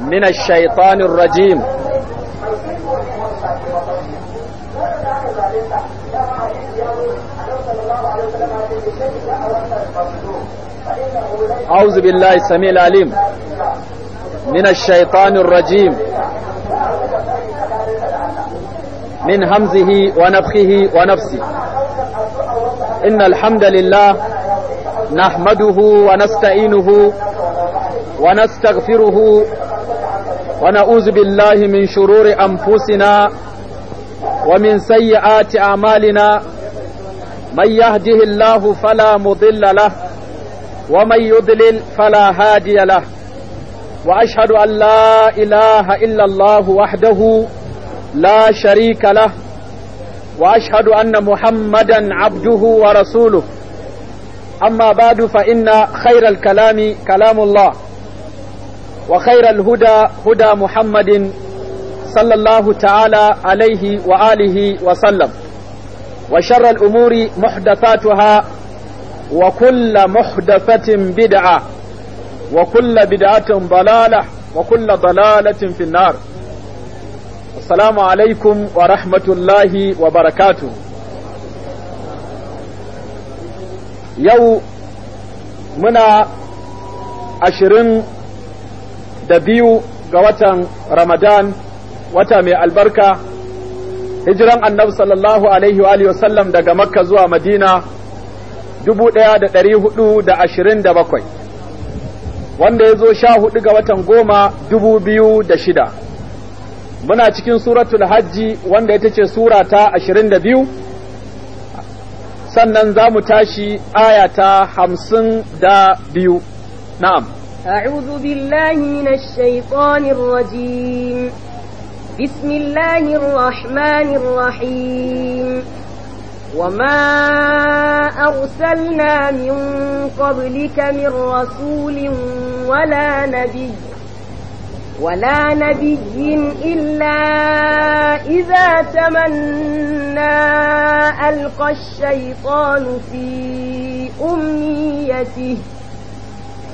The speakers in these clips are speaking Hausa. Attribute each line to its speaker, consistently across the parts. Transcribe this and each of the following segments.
Speaker 1: من الشيطان الرجيم
Speaker 2: أعوذ بالله السميع العليم
Speaker 1: من الشيطان الرجيم من همزه ونفخه ونفسه إن الحمد لله نحمده ونستعينه ونستغفره ونعوذ بالله من شرور أنفسنا ومن سيئات أعمالنا من يهده الله فلا مضل له ومن يضلل فلا هادي له وأشهد أن لا إله إلا الله وحده لا شريك له وأشهد أن محمدا عبده ورسوله أما بعد فإن خير الكلام كلام الله وخير الهدى هدى محمد صلى الله تعالى عليه وآله وسلم وشر الأمور محدثاتها وكل محدثة بدعة وكل بدعة ضلالة وكل ضلالة في النار السلام عليكم ورحمة الله وبركاته يو منا عشرين da biyu ga watan Ramadan wata mai albarka hijiran annabi sallallahu alaihi wa alihi wasallam daga Makka zuwa Madina bakwai wanda ya zo sha hudu ga watan goma dubu biyu da shida muna cikin suratul hajji wanda ita ce sura ta ashirin da biyu sannan za mu tashi ayata ta hamsin da biyu na'am
Speaker 3: أعوذ بالله من الشيطان الرجيم بسم الله الرحمن الرحيم وما أرسلنا من قبلك من رسول ولا نبي ولا نبي إلا إذا تمنى ألقى الشيطان في أمنيته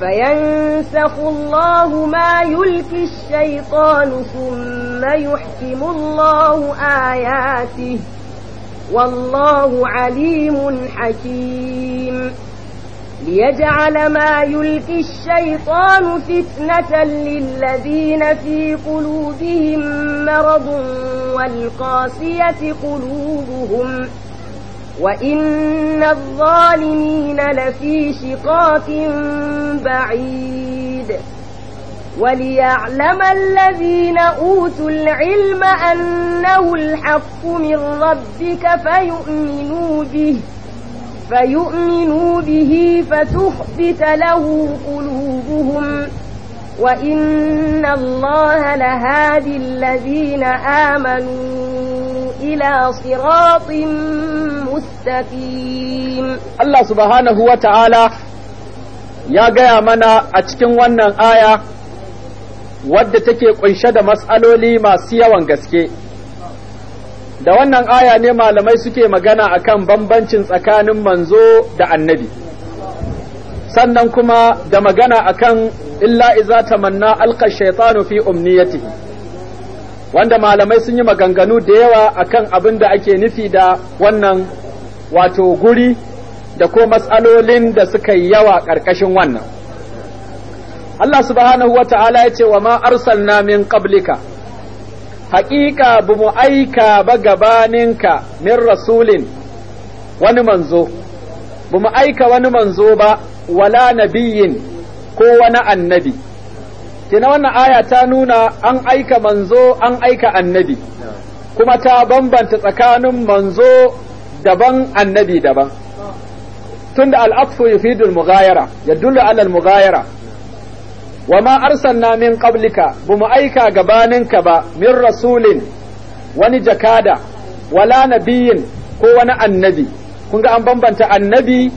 Speaker 3: فينسخ الله ما يلقي الشيطان ثم يحكم الله آياته والله عليم حكيم ليجعل ما يلقي الشيطان فتنة للذين في قلوبهم مرض والقاسية قلوبهم ۖ وإن الظالمين لفي شقاق بعيد وليعلم الذين أوتوا العلم أنه الحق من ربك فيؤمنوا به فيؤمنوا به فتخبت له قلوبهم وإن الله لهادي الذين آمنوا إلى صراط مستقيم الله سبحانه
Speaker 1: وتعالى يا gaya mana a cikin wannan aya wadda take ƙunshe da matsaloli masu yawan gaske da wannan aya ne malamai suke magana akan bambancin tsakanin manzo da annabi sannan kuma da magana akan illa iza tamanna alqa shaytanu fi umniyatihi wanda malamai sun yi maganganu da yawa akan abin da ake nufi da wannan wato guri da ko matsalolin da suka yi yawa ƙarƙashin wannan Allah subhanahu wa ta'ala ya ce wa ma arsalna min qablika haƙiƙa bu mu aika ba gabaninka min rasulin wani manzo bu mu aika wani manzo ba wala nabiyin ko wani annabi kina wannan aya ta nuna an aika manzo an aika annabi kuma ta bambanta tsakanin manzo daban annabi daban tunda al'afu yufidu ya mughayara yadullu ala al wa wama arsalna min qablika bamu aika gabaninka ba min rasulin wani jakada wala nabiyin ko wani annabi kun ga an bambanta annabi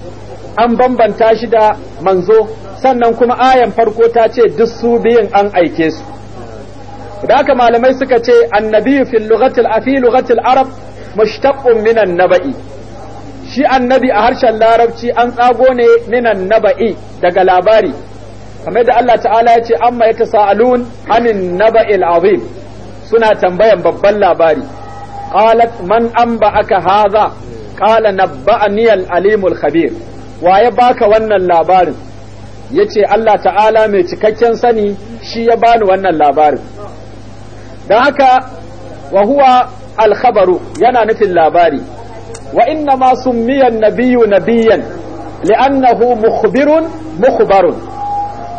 Speaker 1: an bambanta shi da manzo sannan kuma ayan farko ta ce duk su biyun an aike su da haka malamai suka ce annabi fil lughatil afi lughatil arab mushtaqqun minan naba'i shi annabi a harshen larabci an tsago ne minan naba'i daga labari kamar da Allah ta'ala ya ce amma yatasaalun anin naba'il azim suna tambayan babban labari qalat man anba'aka hadha qala nabba'ani al-alimul khabir wa ya baka wannan labarin ya ce Allah ta'ala mai cikakken sani shi ya bani wannan labarin don haka wa huwa alkhabaru yana nufin labari wa inna ma summiyan nabiyu nabiyan li'annahu mukhbirun mukhbarun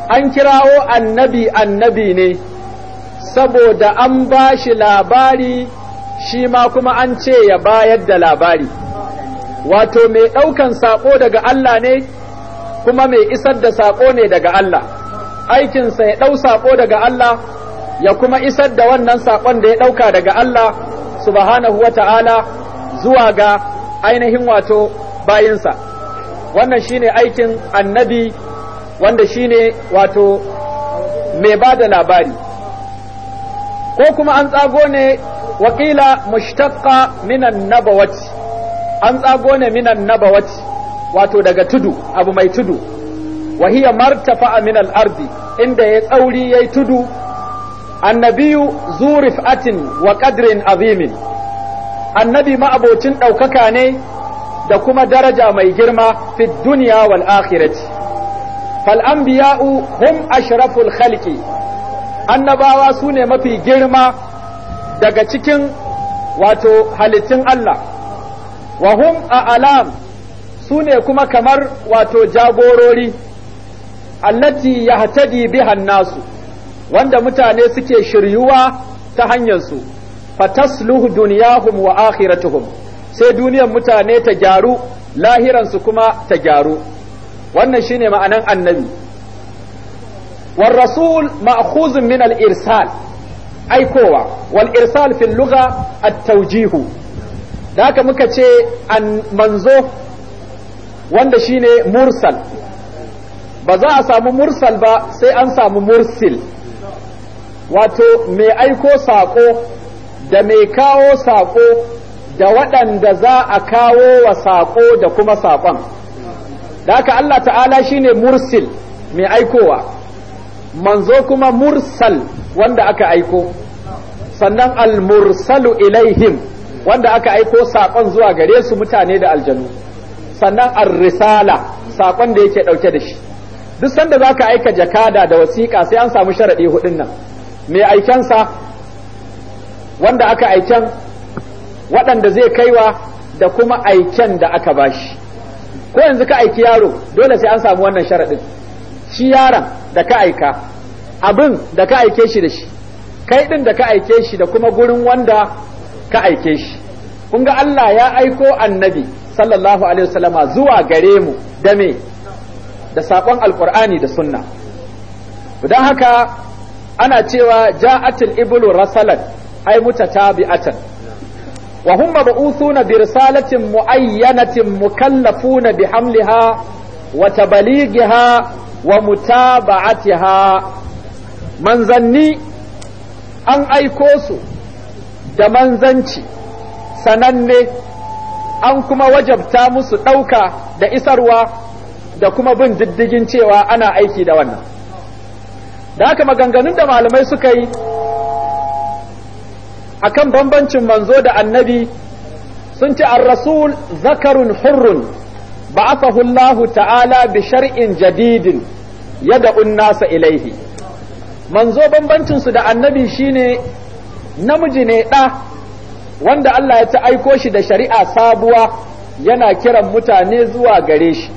Speaker 1: an kirawo annabi annabi ne saboda an ba shi labari shi ma kuma an ce ya bayar da labari wato mai ɗaukan saƙo daga Allah ne kuma mai isar da saƙo ne daga Allah aikinsa ya ɗau saƙo daga Allah ya kuma isar da wannan saƙon da ya ɗauka daga Allah subhanahu wa ta'ala zuwa ga ainihin wato bayinsa wannan shine aikin annabi wanda shine wato mai ba da labari ko kuma an tsago ne wakila mushtaqqa minan nabawati an tsago ne minan nabawat wato daga tudu abu mai tudu wa hiya martafa a minan ardi inda ya tsauri yayi tudu annabiyu zurif atin wa qadrin azimin annabi ma'abocin ɗaukaka ne da kuma daraja mai girma fi duniya wal akhirati fal anbiya'u hum ashraful khalqi annabawa sune mafi girma daga cikin wato halittun Allah wa hum a alam sune kuma kamar wato jagorori allati ya hatadi bihan nasu wanda mutane suke shiryuwa ta hanyar hanyarsu fatasluhu duniyahum wa akhiratuhum sai duniyar mutane ta gyaru lahiransu kuma ta gyaru wannan shine ma'anan annabi wal rasul ma'khuzun min al irsal aikowa wal irsal fil lugha at tawjihu da haka muka ce an manzo wanda shine mursal ba za a samu mursal ba sai an samu mursil wato mai aiko saƙo da mai kawo saƙo da waɗanda za a kawo wa saƙo da kuma saƙon da haka Allah ta'ala shine mursil mai aikowa manzo kuma mursal wanda aka aiko sannan al-mursalu ilaihim wanda aka aiko saƙon zuwa gare su mutane da aljanu sannan ar-risala saƙon da yake ɗauke da shi duk sanda za ka aika jakada da wasiƙa sai an samu sharaɗi huɗun nan mai aikensa wanda aka aiken waɗanda zai kaiwa da kuma aiken da aka bashi ko yanzu ka aiki yaro dole sai an samu wannan sharaɗin shi yaron da ka aika abin da ka aike shi da shi kai ɗin da ka aike shi da kuma gurin wanda ka aike shi kun ga Allah ya aiko annabi sallallahu alaihi wasallama zuwa gare mu da me da sakon alƙur'ani da sunna don haka ana cewa ja'atul iblu rasalan ay mutatabi'atan wa hum mab'uthuna bi risalatin muayyanatin mukallafuna bi hamliha wa tabalighiha wa mutaba'atiha manzanni an aiko su da manzanci sananne an kuma wajabta musu ɗauka da isarwa da kuma bin diddigin cewa ana aiki da wannan da haka maganganun da malamai suka yi akan bambancin manzo da annabi sun ce ar-rasul zakarun hurrun ba'athahu Allah ta'ala bi shar'in jadidin yad'u an-nasa ilaihi manzo bambancin su da annabi shine namiji ne ɗa wanda Allah ya ta aiko shi da shari'a sabuwa yana kiran mutane zuwa gare shi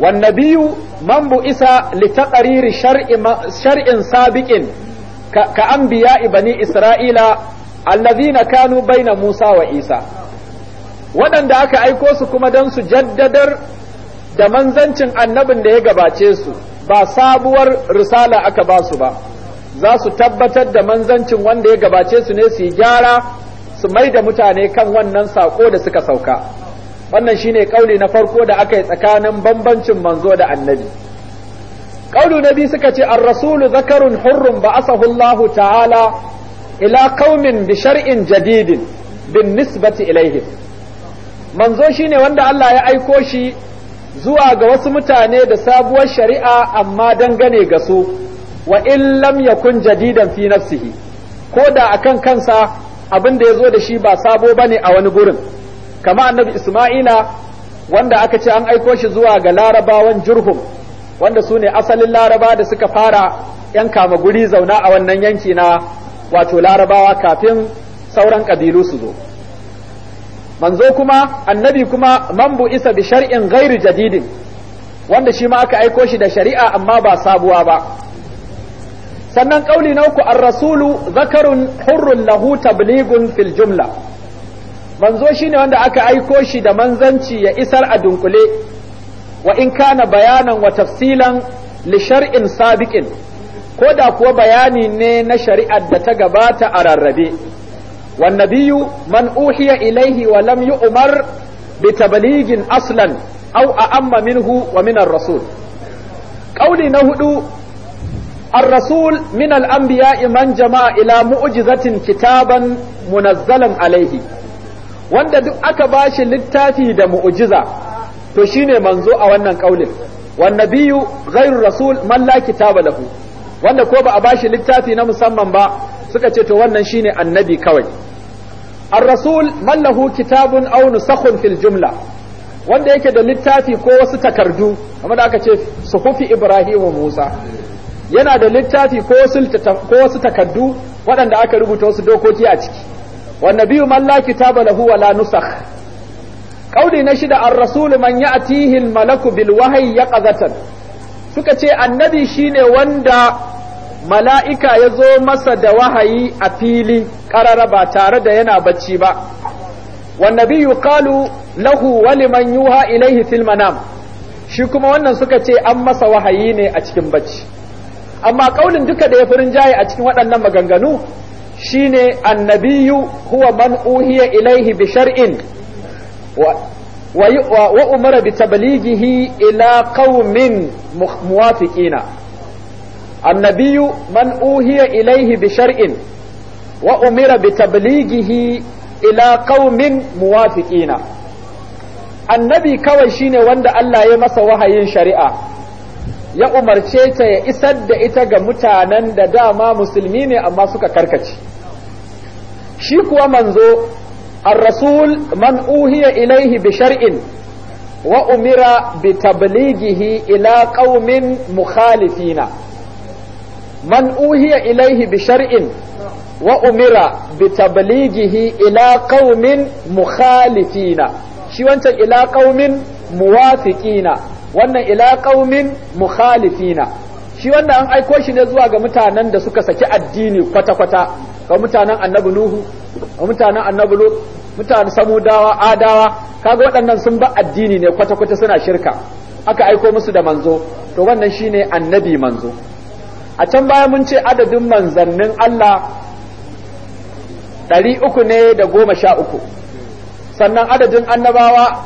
Speaker 1: Wanne man mambu isa taqariri shar'in sabiqin ka anbiya ibani isra'ila allazina kanu baina Musa wa Isa waɗanda aka aiko su kuma don su jaddadar da manzancin annabin da ya gabace su ba sabuwar risala aka ba su ba za su tabbatar da manzancin wanda ya gabace su ne su yi gyara su mai da mutane kan wannan sako da suka sauka wannan shine kauli na farko da aka yi tsakanin bambancin manzo da annabi kaulu na biyu suka ce an rasulu zakarun hurrun ba'asahu ta'ala ila kaumin bi shar'in jadidin bin nisbati ilaihim manzo shine wanda Allah ya aiko shi zuwa ga wasu mutane da sabuwar shari'a amma dangane ga su wa in lam yakun jadidan fi nafsihi ko da akan kansa abin da ya zo da shi ba sabo bane a wani gurin kamar annabi isma'ila wanda aka ce an aiko shi zuwa ga larabawan jurhum wanda su ne asalin laraba da suka fara yan kama guri zauna a wannan yanki na wato larabawa kafin sauran kabilu su zo manzo kuma annabi kuma man bu isa bi shar'in ghairu jadidin wanda shi ma aka aiko shi da shari'a amma ba sabuwa ba sannan ƙauli na uku an rasulu zakarun hurrun lahu tablighun fil jumla manzo shine wanda aka aiko shi da manzanci ya isar a dunkule wa in kana bayanan wa tafsilan li shar'in sabiqin ko da kuwa bayani ne na shari'ar da ta gabata a rarrabe wan nabiyyu man uhiya ilaihi wa lam yu'mar bi tablighin aslan aw a'amma minhu wa min ar-rasul kauli na hudu الرسول من الأنبياء من جمع إلى مؤجزة كتابا منزلا عليه wanda duk aka bashi littafi da mu'ujiza to shine manzo a wannan kaulin wan biyu ghairu rasul man la kitaba lahu wanda ko ba a bashi littafi na musamman ba suka ce to wannan shine annabi kawai ar-rasul man lahu kitabun aw nusakhun fil jumla wanda yake da littafi ko wasu takardu kamar da aka ce suhufi ibrahim wa musa yana da littafi ko wasu takaddu waɗanda aka rubuta wasu dokoki a ciki wanda biyu mallaki ta balahu wa la nusakh na shida ar rasul man ya'tihi al malaku bil wahyi yaqazatan suka ce annabi shine wanda mala'ika ya zo masa da wahayi a fili karara ba tare da yana bacci ba wanda biyu qalu lahu wa liman yuha ilayhi fil manam shi kuma wannan suka ce an masa wahayi ne a cikin bacci amma kaulin duka da ya furin jaye a cikin waɗannan maganganu shine annabiyu huwa man uhiya ilaihi bi shar'in wa umara bi tablighihi ila qaumin muwafiqina annabiyu man uhiya ilaihi bi shar'in wa umira bi tablighihi ila qaumin muwafiqina annabi kawai shine wanda Allah ya masa wahayin shari'a ya umarce ta ya isar da ita ga mutanen da dama musulmi ne amma suka karkace shi kuwa manzo ar-rasul man uhiya ilaihi bi shar'in wa umira bi tablighihi ila qaumin mukhalifina man uhiya ilaihi bi shar'in wa umira bi tablighihi ila qaumin mukhalifina shi wancan ila qaumin muwafiqina wannan ila qaumin mukhalifina shi wannan an aiko shi ne zuwa ga mutanen da suka saki addini kwata-kwata ga mutanen annabi nuhu ga mutanen annabi lut mutanen samudawa adawa kaga waɗannan sun ba addini ne kwata-kwata suna shirka aka aiko musu da manzo to wannan shine annabi manzo a can baya mun ce adadin manzannin Allah ɗari uku ne da goma sha uku sannan adadin annabawa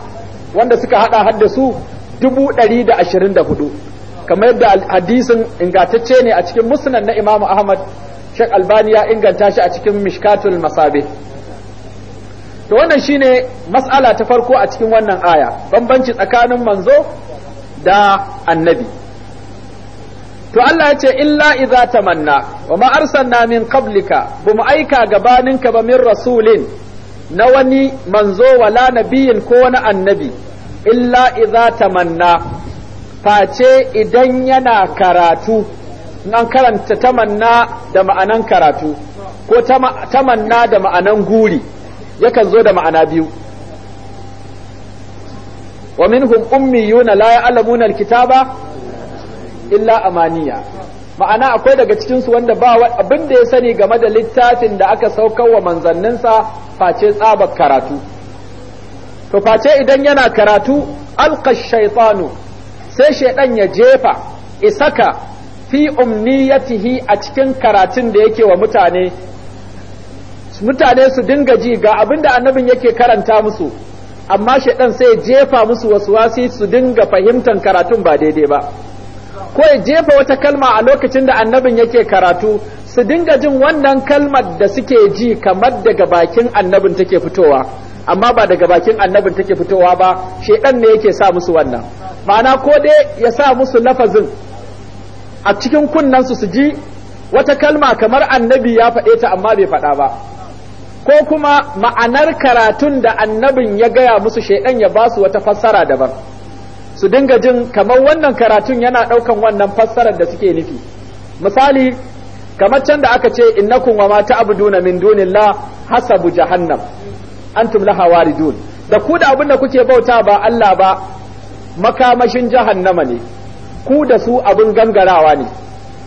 Speaker 1: wanda suka haɗa da su dubu ɗari da ashirin da hudu kamar yadda hadisin ingantacce ne a cikin musnad na imamu ahmad shek albani ya inganta shi a cikin mishkatul masabe to wannan shine mas'ala ta farko a cikin wannan aya bambanci tsakanin manzo da annabi to Allah ya ce illa idza tamanna wa ma arsalna min qablika mu aika gabaninka ba min rasulin na wani manzo wala nabiyin ko wani annabi illa idza tamanna face idan yana karatu an karanta tamanna da ma'anan karatu ko tamanna da ma'anan guri yakan zo da ma'ana biyu wa minhum ummiyuna la ya'lamuna alkitaba illa amaniya ma'ana akwai daga cikinsu wanda ba abin da ya sani game da littafin da aka saukar wa manzanninsa face tsabar karatu to face idan yana karatu alqa shaytanu sai shaidan ya jefa isaka fi umniyatihi a cikin karatun da yake wa mutane mutane su dinga ji ga abinda annabin yake karanta musu amma shaidan sai ya jefa musu wasu wasi su dinga fahimtar karatun ba daidai ba ko ya jefa wata kalma a lokacin da annabin yake karatu su dinga jin wannan kalmar da suke ji kamar daga bakin annabin take fitowa amma ba daga bakin annabin take fitowa ba shaidan ne yake sa musu wannan ma'ana ko dai ya sa musu lafazin a cikin kunnen su su ji wata kalma kamar annabi ya faɗe ta amma bai faɗa ba ko kuma ma'anar karatun da annabin ya gaya musu shaidan ya ba su wata fassara daban su dinga jin kamar wannan karatun yana ɗaukan wannan fassarar da suke nufi misali kamar can da aka ce innakum wa ma ta'buduna min dunillah hasabu jahannam antum laha waridun da ku da abin da kuke bauta ba Allah ba makamashin jahannama ne ku da su abin gangarawa ne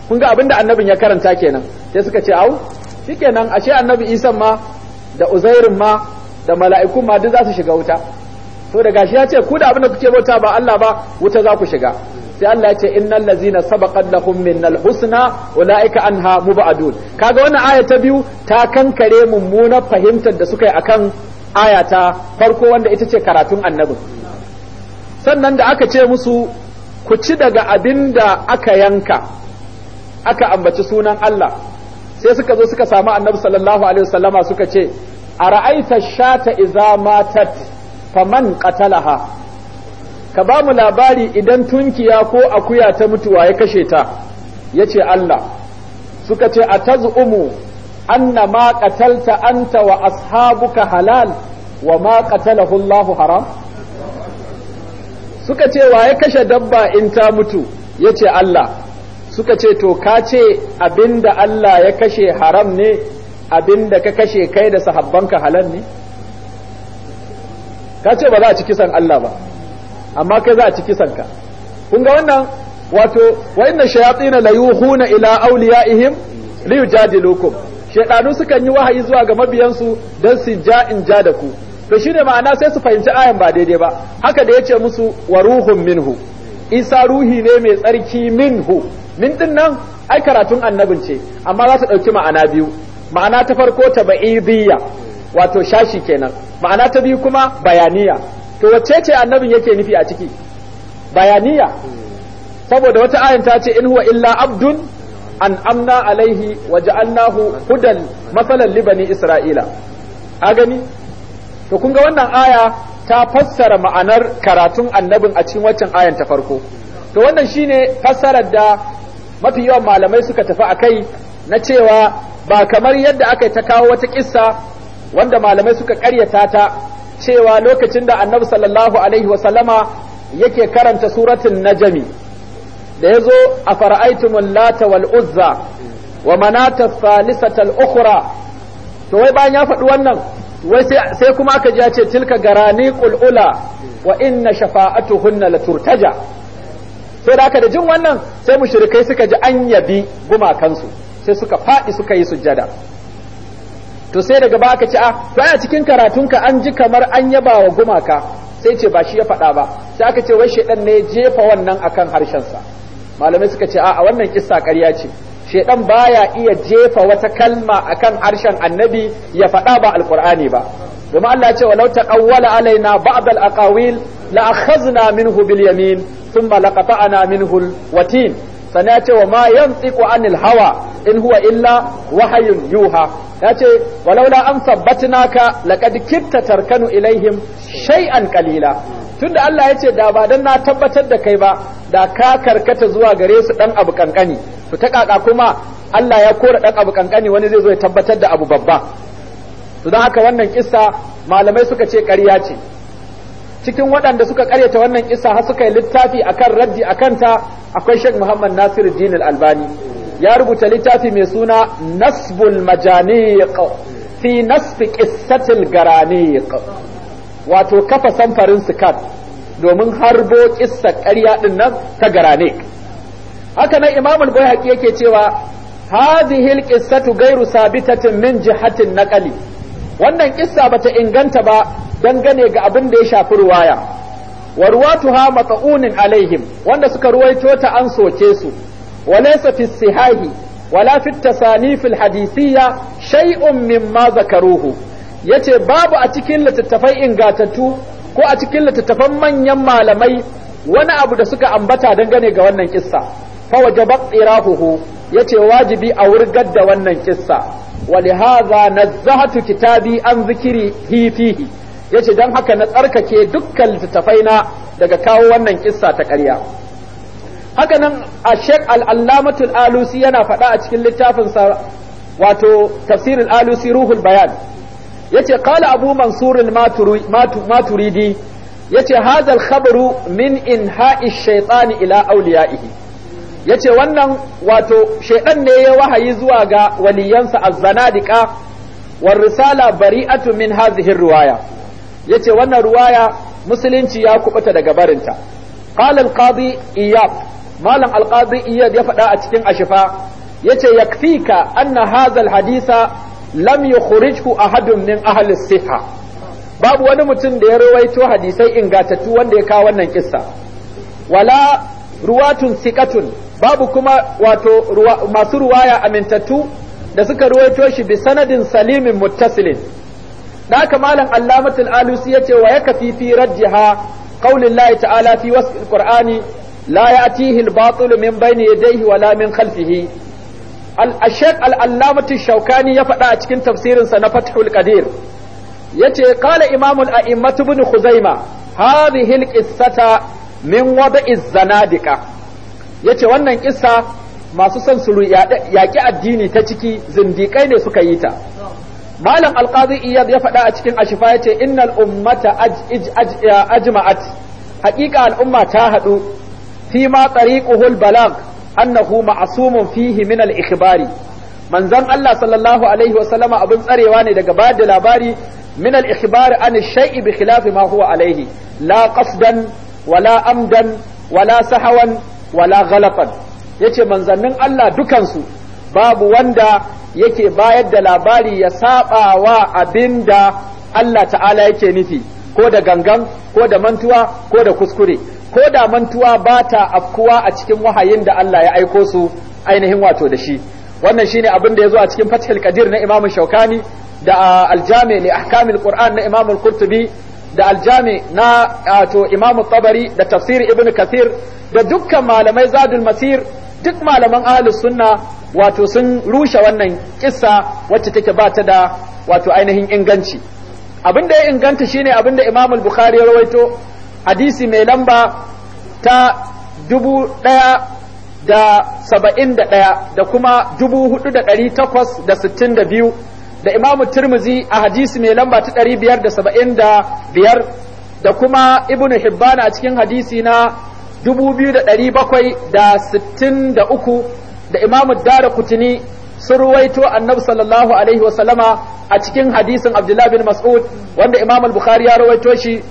Speaker 1: kun ga abin da annabin ya karanta kenan sai suka ce au shikenan ashe annabi Isa ma da Uzairin ma da mala'iku ma duk za su shiga wuta to da gashi ya ce ku da abin da kuke bauta ba Allah ba wuta za ku shiga sai Allah ya ce innal ladzina sabaqat lahum minnal husna ulaika anha mubadun kaga wannan aya ta biyu ta kankare mummunar fahimtar da suka yi akan aya ta farko wanda ita ce karatun annabin sannan da aka ce musu ku ci daga abin da aka yanka aka ambaci sunan Allah sai suka zo suka samu annabi sallallahu alaihi wasallama suka ce a ra'aita shata iza matat faman qatalaha ka ba mu labari idan tunkiya ko akuya ta mutuwa ya kashe ta yace Allah suka ce a anna ma qatalta anta wa ashabuka halal wa ma qatalahu haram suka ce wa ya kashe dabba in ta mutu yace Allah suka ce to ka ce abinda Allah ya kashe haram ne abinda ka kashe kai da sahabbanka halal ne ka ce ba za a ci kisan Allah ba amma kai za a ci kisan ka kun ga wannan wato wa inna shayatin la yuhuna ila awliyaihim li yujadilukum shedanu sukan yi wahayi zuwa ga mabiyansu don su ja in ja da ku to shine ma'ana sai su fahimci ayan ba daidai ba haka da yace musu wa ruhun minhu isa ruhi ne mai tsarki minhu min din nan ai karatun annabin ce amma za su ɗauki ma'ana biyu ma'ana ta farko ta ba'idiyya wato shashi kenan ma'ana ta biyu kuma bayaniya to wacce ce annabin yake nufi a ciki bayaniya saboda wata ayan ta ce in huwa illa abdun An amna alaihi wa ja'alnahu hudan masalan li bani isra'ila a gani to kun ga wannan aya ta fassara ma'anar karatun annabin a cikin waccan ayan ta farko to wannan shine fassarar da mafi yawan malamai suka tafi akai na cewa ba kamar yadda aka ta kawo wata kissa wanda malamai suka karyata ta cewa lokacin da annabi sallallahu alaihi wa sallama yake karanta suratul najmi da ya zo a fara'aitu mulata wal'uzza wa manata thalithata al ukhra to wai bayan ya faɗi wannan wai sai kuma aka ji ya ce tilka garani qulula wa inna shafa'atuhunna laturtaja sai da aka da jin wannan sai mushrikai suka ji an yabi gumakansu sai suka faɗi suka yi sujada. to sai daga ba aka ce a ah, to a cikin karatunka an ji kamar an yaba wa gumaka sai ce ba shi ya faɗa ba sai aka ce wai shaidan ne jefa wannan akan harshensa malamai suka ce a wannan kissa ƙarya ce shedan baya iya jefa wata kalma akan harshen annabi ya faɗa ba alqur'ani ba domin Allah ya ce walau taqawwala alaina ba'd al-aqawil la akhadna minhu bil yamin thumma laqata'na minhu watin sannan ya ce wa ma yantiqu anil hawa in huwa illa wahayun yuha ya ce walaula an sabbatnaka laqad kitta tarkanu ilaihim shay'an qalila tunda Allah ya ce da ba dan na tabbatar da kai ba da ka karkata zuwa gare su dan abu kankani to ta kaka kuma Allah ya kora dan abu kankani wani zai zo ya tabbatar da abu babba to don haka wannan kissa malamai suka ce ƙarya ce cikin waɗanda suka ƙaryata wannan kissa har suka yi littafi akan raddi akan ta akwai Sheikh Muhammad Nasir Din albani ya rubuta littafi mai suna Nasbul Majaniq fi nasfi qissatil Garaniq wato kafa samfarin kan. domin harbo kissa ƙarya din nan ta garane haka nan imamul bayhaqi yake cewa hadhihi alqissatu ghayru sabitatin min jihatin naqli. wannan kissa bata inganta ba dangane ga abin da ya shafi ruwaya wa ruwatuha mata'unin alaihim wanda suka ruwaito ta an soke su wa laysa fi sihahi wala fi tasanif alhadithiyya shay'un mimma zakaruhu yace babu a cikin littattafai ingatattu ko a cikin littattafan manyan malamai wani abu da suka ambata dangane ga wannan kissa fa wajaba qirahuhu yace wajibi a wurgar da wannan kissa walihaza zahatu kitabi an zikiri hi fihi yace don haka na tsarkake dukkan littattafai na daga kawo wannan kissa ta ƙarya haka nan a Sheikh Al-Allamatu Al-Alusi yana faɗa a cikin littafinsa wato tafsirin Al-Alusi Ruhul Bayan yace qala abu mansur maturidi yace hadha al-khabaru min inha'i shaytan ila awliya'ihi yace wannan wato shaydan ne ya wahayi zuwa ga waliyansa az-zanadiqa war risala bari'atu min hadhihi riwaya yace wannan riwaya musulunci ya kubuta daga barinta qala al-qadi iyab malam al-qadi iyad ya faɗa a cikin ashifa yace yakfika anna hadha al-haditha lam yukhrijhu ahadun min ahli siha babu wani mutum da ya rawaito hadisai ingatattu wanda ya kawo wannan kissa wala ruwatun sikatun babu kuma wato masu ruwaya amintattu da suka ruwaito shi bi sanadin salimin muttasilin da haka malam allamatul alusi yace wa yakafi fi raddiha qaulillahi ta'ala fi wasfil qur'ani la ya'tihi al-batil min bayni yadayhi wala min khalfihi al-ashaq al-allamatu shaukani ya faɗa a cikin sa na fathul qadir yace qala imamu al-a'immatu ibn khuzaima hadhihi al-qissata min wada'i zanadiqa yace wannan kissa masu son su yaƙi addini ta ciki zindiƙai ne suka yi ta malam alqazi iyad ya faɗa a cikin ashifa yace innal ummata ajma'at haƙiƙa al'umma ta haɗu fi ma tariquhul balag annahu ma'asumun fihi min al-ikhbari manzon Allah sallallahu alaihi wasallam abin tsarewa ne daga ba da labari Minal al-ikhbar an shay'i bi khilafi alaihi la qasdan wala amdan wala sahawan wala ghalafan yace manzannin Allah dukansu babu wanda yake bayar da labari ya saɓa wa abinda Allah ta'ala yake nufi ko da gangan ko da mantuwa ko da kuskure ko da mantuwa ba ta afkuwa a cikin wahayin da Allah ya aiko su ainihin wato da shi wannan shine abin da ya zo a cikin fathul qadir na imamu shaukani da aljami li ahkamil qur'an na imamu al-qurtubi da aljami na to imamu tabari da tafsir ibnu kathir da dukkan malamai zadul masir duk malaman ahlus sunna wato sun rushe wannan kissa wacce take ba ta da wato ainihin inganci abin da ya inganta shine abin da imamu bukhari ya rawaito hadisi mai lamba ta dubu ɗaya da saba'in da ɗaya da kuma dubu hudu da ɗari takwas da sittin da biyu da imamu turmuzi a hadisi mai lamba ta ɗari biyar da saba'in da biyar da kuma ibn hibbana a cikin hadisi na dubu biyu da ɗari bakwai da sittin da uku da imamu dara kutini sun ruwaito annabi sallallahu alaihi wasallama a cikin hadisin abdullahi bin mas'ud wanda imam al-bukhari ya ruwaito shi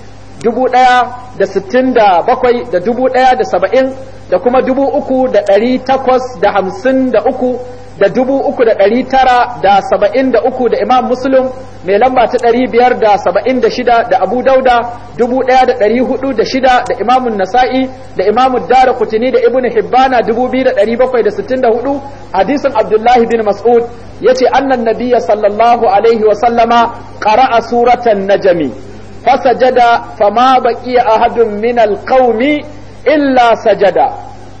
Speaker 1: dubu ɗaya da sittin da bakwai da dubu ɗaya da saba'in da kuma dubu uku da ɗari takwas da hamsin da uku da dubu uku da ɗari tara da saba'in da uku da imam muslim mai lamba ta ɗari biyar da saba'in da shida da abu dauda dubu ɗaya da ɗari hudu da shida da imamun nasa'i da imamun dara kutini da ibn hibbana dubu biyu da ɗari bakwai da sittin da hudu hadisin abdullahi bin mas'ud ya ce annan nabiya sallallahu alaihi wa sallama ƙara'a suratan najami فسجد fama بقي a من القوم illa sajada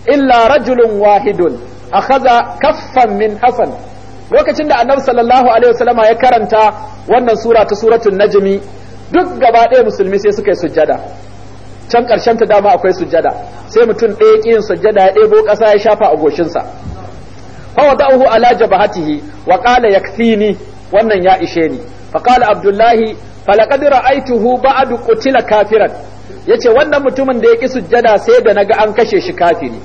Speaker 1: illa rajulun wahidun akhadha kaffan min حسن lokacin da annabi sallallahu alaihi wasallama ya karanta wannan sura ta suratul najmi duk gaba ɗaya musulmi sai suka yi sujjada can ƙarshen ta dama akwai sujjada sai mutum ɗaya ƙin sujjada ya ɗebo ƙasa ya shafa a goshinsa fa wada'uhu ala jabahatihi wa qala yakfini wannan ya ishe ni فقال عبد الله فلقد رايته بعد قتل كافرا yace wannan mutumin da ya ki sujjada sai da naga an kashe shi kafiri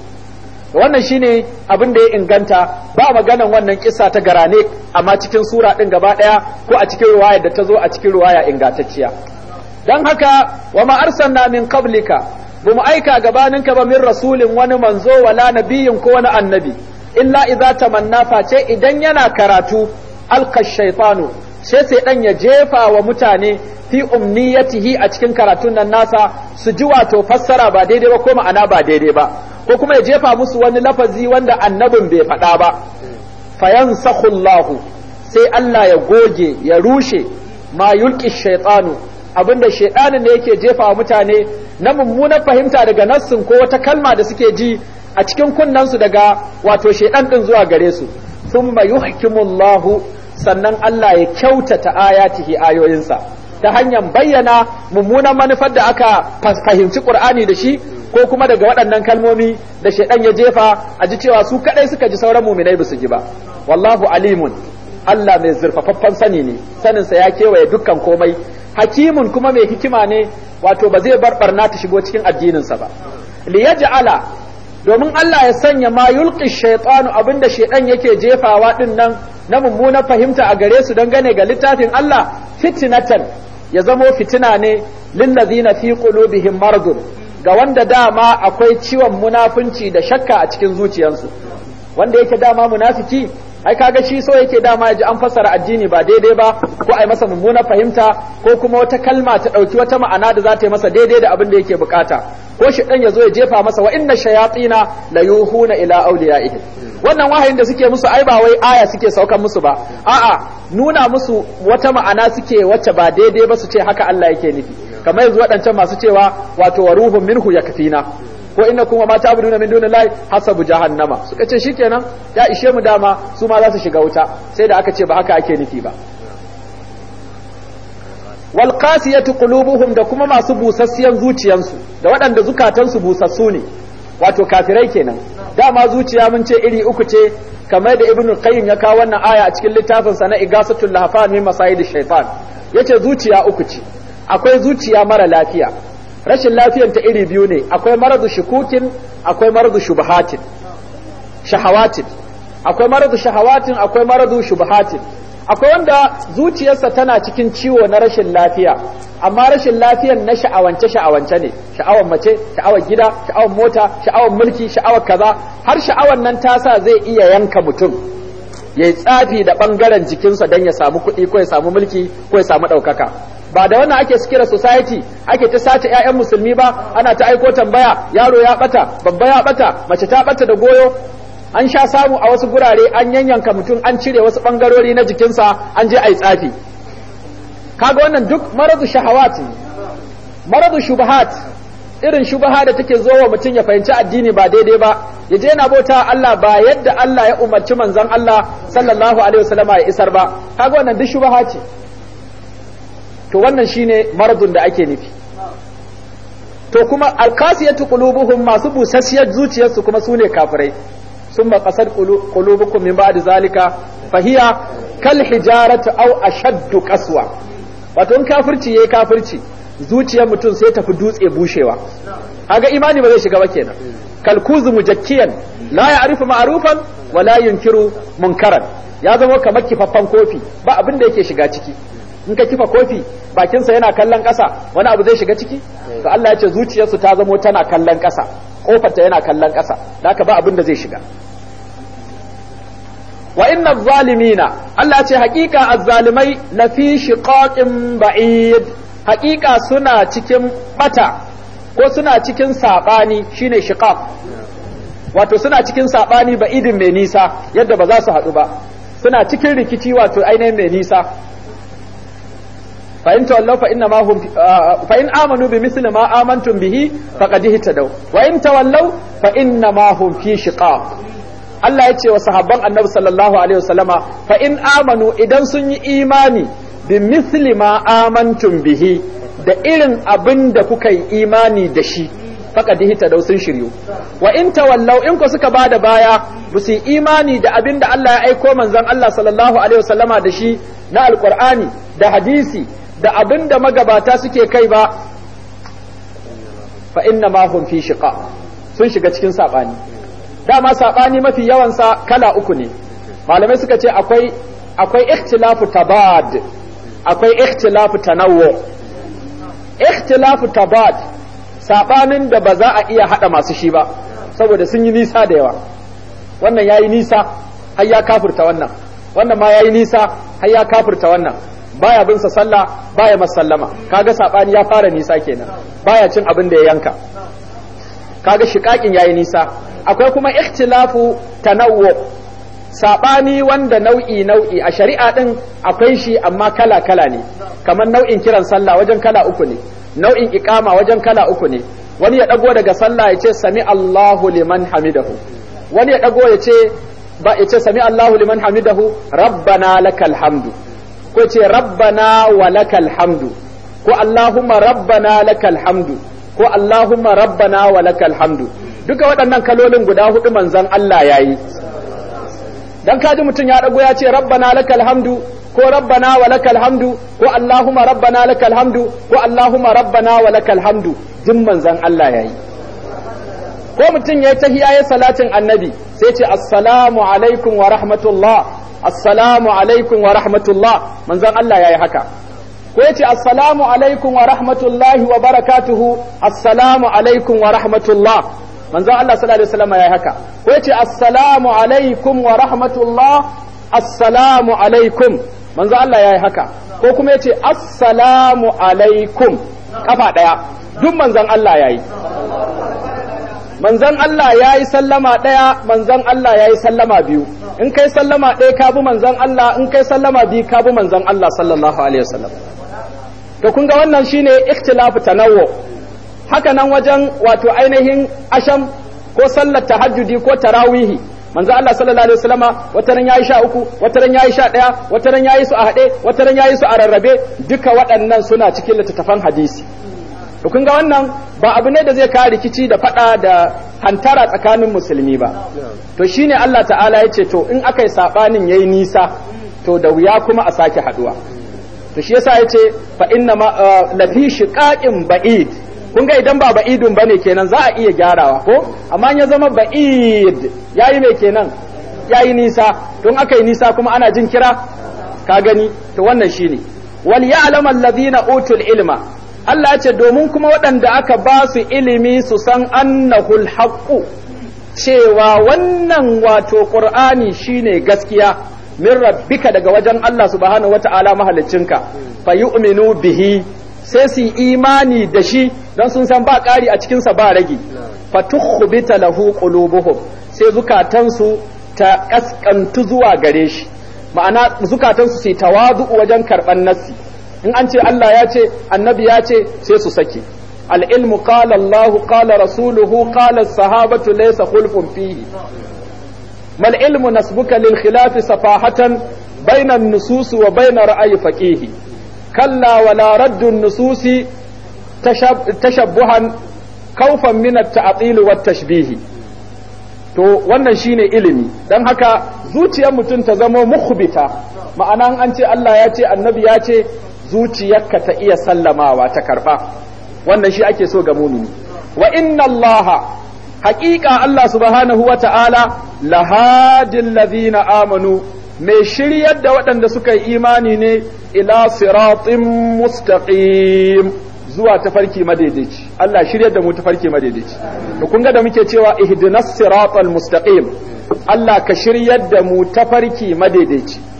Speaker 1: wannan shine abin da ya inganta ba maganan wannan kisa ta garane amma cikin sura din gaba daya ko a cikin ruwaya da ta zo a cikin ruwaya ingantacciya dan haka wa ma arsalna min qablika bu mu aika gabanin ka ba min rasulin wani manzo wala nabiyin ko wani annabi illa idza tamanna ce idan yana karatu alka shaytanu sai sai dan ya jefa wa mutane fi umniyatihi a cikin karatun nan nasa su ji wato fassara ba daidai ba ko ma'ana ba daidai ba ko kuma ya jefa musu wani lafazi wanda annabin bai faɗa ba fayansakhu Allah sai Allah ya goge ya rushe ma yulki shaytanu abinda shaytanin ne yake jefa wa mutane na mummunan fahimta daga nassin ko wata kalma da suke ji a cikin kunnansu daga wato shaytan din zuwa gare su thumma yuhkimu Allahu sannan Allah ya kyautata ayatihi ayoyinsa ta hanyar bayyana mummunan manufar da aka fahimci Qur'ani da shi ko kuma daga waɗannan kalmomi da shaidan ya jefa a ji cewa su kaɗai suka ji sauran muminai ba su ji ba wallahu alimun Allah mai zurfafaffen sani ne saninsa ya kewaye dukkan komai hakimun kuma mai hikima ne wato ba zai bar barna ta shigo cikin addininsa ba liyaj'ala domin Allah ya sanya ma yulki shaytanu abinda shaydan yake jefawa din nan na mummuna fahimta a gare su dangane ga littafin Allah Fitinatan ya zamo fitina ne lillazina fi qulubihim maradun ga wanda dama akwai ciwon munafunci da shakka a cikin zuciyarsu wanda yake dama munafiki ai kaga shi so yake dama ya ji an fassara addini ba daidai ba ko ai masa mummuna fahimta ko kuma wata kalma ta dauki wata ma'ana da za ta yi masa daidai da abin da yake bukata ko shi dan yazo ya jefa masa wa inna shayatina la yuhuna ila awliyaihi wannan wahayin da suke musu ai ba wai aya suke saukan musu ba a'a nuna musu wata ma'ana suke wacce ba daidai ba su ce haka Allah yake nufi kamar yanzu waɗancan masu cewa wato wa ruhun minhu yakfina ko inna kuma ma ta'buduna min dunillahi hasabu jahannama suka ce shikenan ya ishe mu dama su ma za su shiga wuta sai da aka ce ba haka ake nufi ba wal qasiyatu qulubuhum da kuma masu busassiyan zuciyansu da waɗanda zukatansu busassu ne wato kafirai kenan dama zuciya mun ce iri uku ce kamar da ibnu qayyim ya kawo wannan aya a cikin littafin sa na igasatul lahfan min masayid shaytan yace zuciya uku ce akwai zuciya mara lafiya rashin lafiyar ta iri biyu ne akwai maradu shukukin akwai maradu shubahatin shahawatin akwai maradu shahawatin akwai maradu shubahatin akwai wanda zuciyarsa tana cikin ciwo na rashin lafiya amma rashin lafiyar na sha'awance sha'awance ne sha'awar mace sha'awar gida sha'awar mota sha'awar mulki sha'awar kaza har sha'awar nan ta sa zai iya yanka mutum ya tsafi da bangaren jikinsa don ya samu kuɗi ko ya samu mulki ko ya samu ɗaukaka ba da wannan ake sikira society ake ta sace ƴaƴan musulmi ba ana ta aiko tambaya yaro ya bata babba ya bata mace ta bata da goyo an sha samu a wasu gurare an yanyanka mutum an cire wasu bangarori na jikinsa an je ai tsafi kaga wannan duk maradu shahawat maradu shubahat irin shubaha da take zo wa mutum ya fahimci addini ba daidai ba ya je yana bauta Allah ba yadda Allah ya umarci manzon Allah sallallahu alaihi wasallama ya isar ba kaga wannan duk shubaha ce to wannan shine maradun da ake nufi to kuma alkasiyatu qulubuhum masu busassiyar zuciyarsu kuma sune kafirai Sun ba kasar qulubukum min ba'di zalika fahiya kal hijaratu aw ashaddu qaswa wato in kafirci yayi kafirci zuciyar mutum sai tafi dutse bushewa kaga imani ba zai shiga ba kenan kal kuzu mujakkiyan la ya'rifu ma'rufan wa la yunkiru munkaran ya zama kamar kifaffan kofi ba abin da yake shiga ciki in ka kifa kofi bakinsa yana kallon ƙasa wani abu zai shiga ciki to Allah ya ce zuciyarsu ta zamo tana kallon ƙasa kofarta yana kallon ƙasa haka ba abin da zai shiga wa inna zalimina Allah ya ce haƙiƙa azzalimai na fi shiqaqin ba'id haƙiƙa suna cikin bata ko suna cikin saɓani shine shiqaq wato suna cikin saɓani ba'idin mai nisa yadda ba za su haɗu ba suna cikin rikici wato ainihin mai nisa fa in tawallaw fa inna ma hum fa in amanu bi misli ma amantum bihi faqad ihtadaw wa in tawallaw fa inna ma hum fi Allah ya ce wa sahabban Annabi sallallahu alaihi wasallama fa in amanu idan sun yi imani bi misli ma amantum bihi da irin abin da kuka yi imani da shi faqad ihtadaw sun shiryu wa in tawallaw in ku suka bada baya ba su imani da abin da Allah ya aiko manzon Allah sallallahu alaihi wasallama da shi na alqur'ani da hadisi da abin da magabata suke kai ba fa inna ma hum fi shiqa sun shiga cikin sabani dama sabani mafi yawan sa kala uku ne malamai suka ce akwai akwai ikhtilafu tabad akwai ikhtilafu tanawwu ikhtilafu tabad sabanin da ba za a iya hada masu shi ba saboda sun yi nisa da yawa wannan yayi nisa har ya kafurta wannan wannan ma yayi nisa har ya kafurta wannan baya bin sa sallah baya masallama kaga sabani ya fara nisa kenan baya cin abin da ya yanka kaga shiƙaƙin yayi nisa akwai kuma ikhtilafu tanawwu sabani wanda nau'i nau'i a shari'a din akwai shi amma kala kala ne kamar nau'in kiran sallah wajen kala uku ne nau'in iqama wajen kala uku ne wani ya dago daga sallah ya ce sami Allahu liman hamidahu wani ya dago ya ce ba ya ce sami Allahu liman hamidahu rabbana lakal hamdu ko ce rabbana wa lakal hamdu ko allahumma rabbana lakal hamdu ko allahumma rabbana wa lakal hamdu duka waɗannan kalolin guda hudu manzon Allah yayi dan kaji mutum ya dago ya ce rabbana lakal hamdu ko rabbana wa lakal hamdu ko allahumma rabbana lakal hamdu ko allahumma rabbana wa lakal hamdu duk manzon Allah yayi ko mutum ya yi ya salatin annabi sai ce assalamu alaikum wa rahmatullah assalamu alaikum wa rahmatullah manzon Allah yayi haka ko yace assalamu alaikum wa rahmatullahi wa barakatuhu assalamu alaikum wa rahmatullah manzon Allah sallallahu alaihi wasallam yayi haka ko yace assalamu alaikum wa rahmatullah assalamu alaikum manzon Allah yayi haka ko kuma yace assalamu alaikum kafa daya duk manzon Allah yayi Manzan Allah ya yi sallama ɗaya manzan Allah ya yi sallama biyu in kai sallama ɗaya ka bi manzan Allah in kai sallama biyu ka bi manzan Allah sallallahu alaihi wasallam to kun ga wannan shine ikhtilafu tanawwu haka nan wajen wato ainihin asham ko sallar tahajjudi ko tarawihi manzan Allah sallallahu alaihi wasallama ya yayi sha uku ya yayi sha daya yayi su a hade wataran yayi su a rarrabe duka waɗannan suna cikin littattafan hadisi to kun ga wannan ba abu ne da zai kawo rikici da faɗa da hantara tsakanin musulmi ba to shine Allah ta'ala ya ce to in aka yi sabanin yayi nisa to da wuya kuma a sake haɗuwa. to shi yasa yace fa inna ma uh, lafi shiqaqin ba'id kun ga idan ba ba'idun bane kenan za a iya gyarawa ko amma ya zama ba'id yayi mai kenan yayi nisa To aka yi nisa kuma ana jin kira ka gani to wannan shine wal ya'lamu alladhina utul ilma Allah ce domin kuma waɗanda aka ba su ilimi su san annahul haqqu cewa wannan wato ƙur'ani shine gaskiya min rabbika daga wajen Allah su subhanahu wata'ala mahaliccinka fa yu'minu bihi sai su imani da shi don sun san ba ƙari a cikinsa ba ragi fa tukhbita lahu qulubuhum sai zukatansu ta kaskantu zuwa gare shi ma'ana zukatansu su tawadu wajen karɓan nassi in an ce Allah ya ce annabi ya ce sai su sake al-ilmu qala Allahu qala rasuluhu qala sahabatu laysa khulfun fihi mal ilmu nasbuka lil khilafi safahatan bainan an-nusus wa bayna ra'yi faqihi kalla wa la an-nusus tashabbuhan kaufan min at-ta'til wa tashbih to wannan shine ilimi dan haka zuciyar mutum ta zama mukhbita ma'ana an ce Allah ya ce annabi ya ce zuciyarka ta iya sallamawa ta karba wannan shi ake so ga mumini wa inna allaha haƙiƙa Allah subhanahu wa ta'ala lahadin lazina amanu mai shiryar da waɗanda suka yi imani ne ila siratin mustaqim zuwa tafarki madaidaici Allah shiryar da mu tafarki madaidaici to kun ga da muke cewa ihdinas siratal mustaqim Allah ka shiryar da mu tafarki madaidaici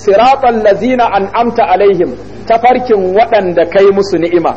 Speaker 1: siratal lazina an'amta alaihim tafarkin waɗanda kai musu ni'ima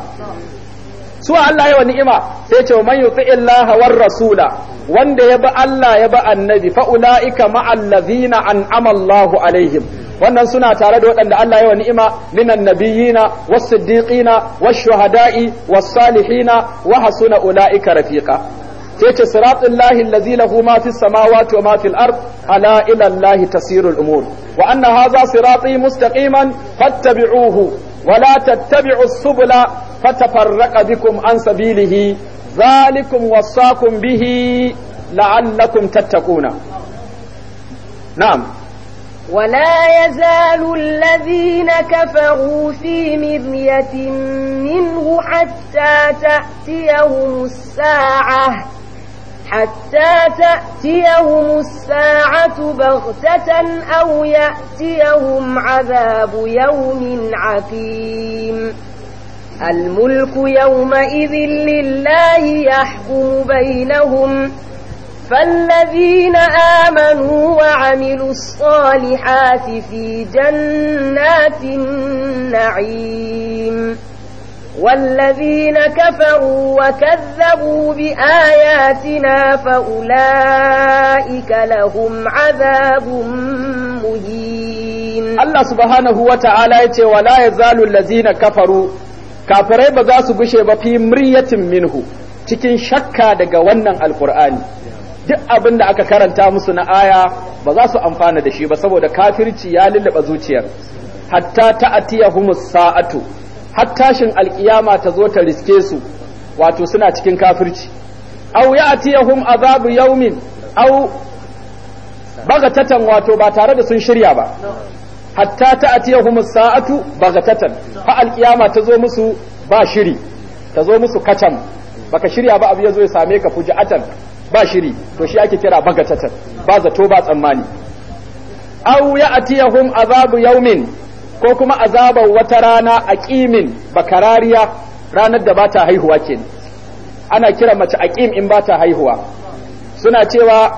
Speaker 1: su Allah yawa ni'ima sai ce man yuti illaha war rasula wanda ya bi Allah ya bi annabi fa ulaika lazina an an'ama Allahu alaihim wannan suna tare da waɗanda Allah yawa ni'ima minan nabiyina wasu siddiqina wasu shuhada'i wasu salihina wa hasuna ulaika rafiƙa. sai ce siratul lahi allazi lahu ma fi samawati wa ma fi ard ala ila allahi tasirul umur wa anna hadha sirati mustaqiman fattabi'uhu wa la tattabi'us subula fatafarraqa bikum an sabilihi zalikum wasaqum bihi la'allakum tattaquna na'am
Speaker 3: ولا يزال الذين كفروا في مرية منه حتى تأتيهم الساعة حتى تأتيهم الساعة بغتة أو يأتيهم عذاب يوم عقيم الملك يومئذ لله يحكم بينهم فالذين آمنوا وعملوا الصالحات في جنات النعيم والذين كفروا وكذبوا بآياتنا فأولئك لهم عذاب مهين الله سبحانه وتعالى يتي ولا
Speaker 1: يزال الذين كفروا kafirai ba za su gushe ba fi minhu cikin shakka daga wannan alkur'ani duk abin da aka karanta musu na aya ba su amfana da shi ba saboda kafirci ya lullaba zuciyar hatta ta'tiyahumus sa'atu har tashin alkiyama ta zo ta riske su wato suna cikin kafirci aw ya'tiyahum azabu yawmin aw bagatatan wato ba tare da sun shirya ba hatta ta'tiyahum sa'atu bagatatan fa alkiyama ta zo musu ba shiri ta zo musu katan. baka shirya ba abu ya zo ya same ka fuji'atan ba shiri to shi ake kira bagatatan ba zato ba tsammani aw ya'tiyahum azabu yawmin ko kuma azabar wata rana a kimin bakarariya ranar da ba ta haihuwa kenan ana kira mace aqim in ba ta haihuwa suna cewa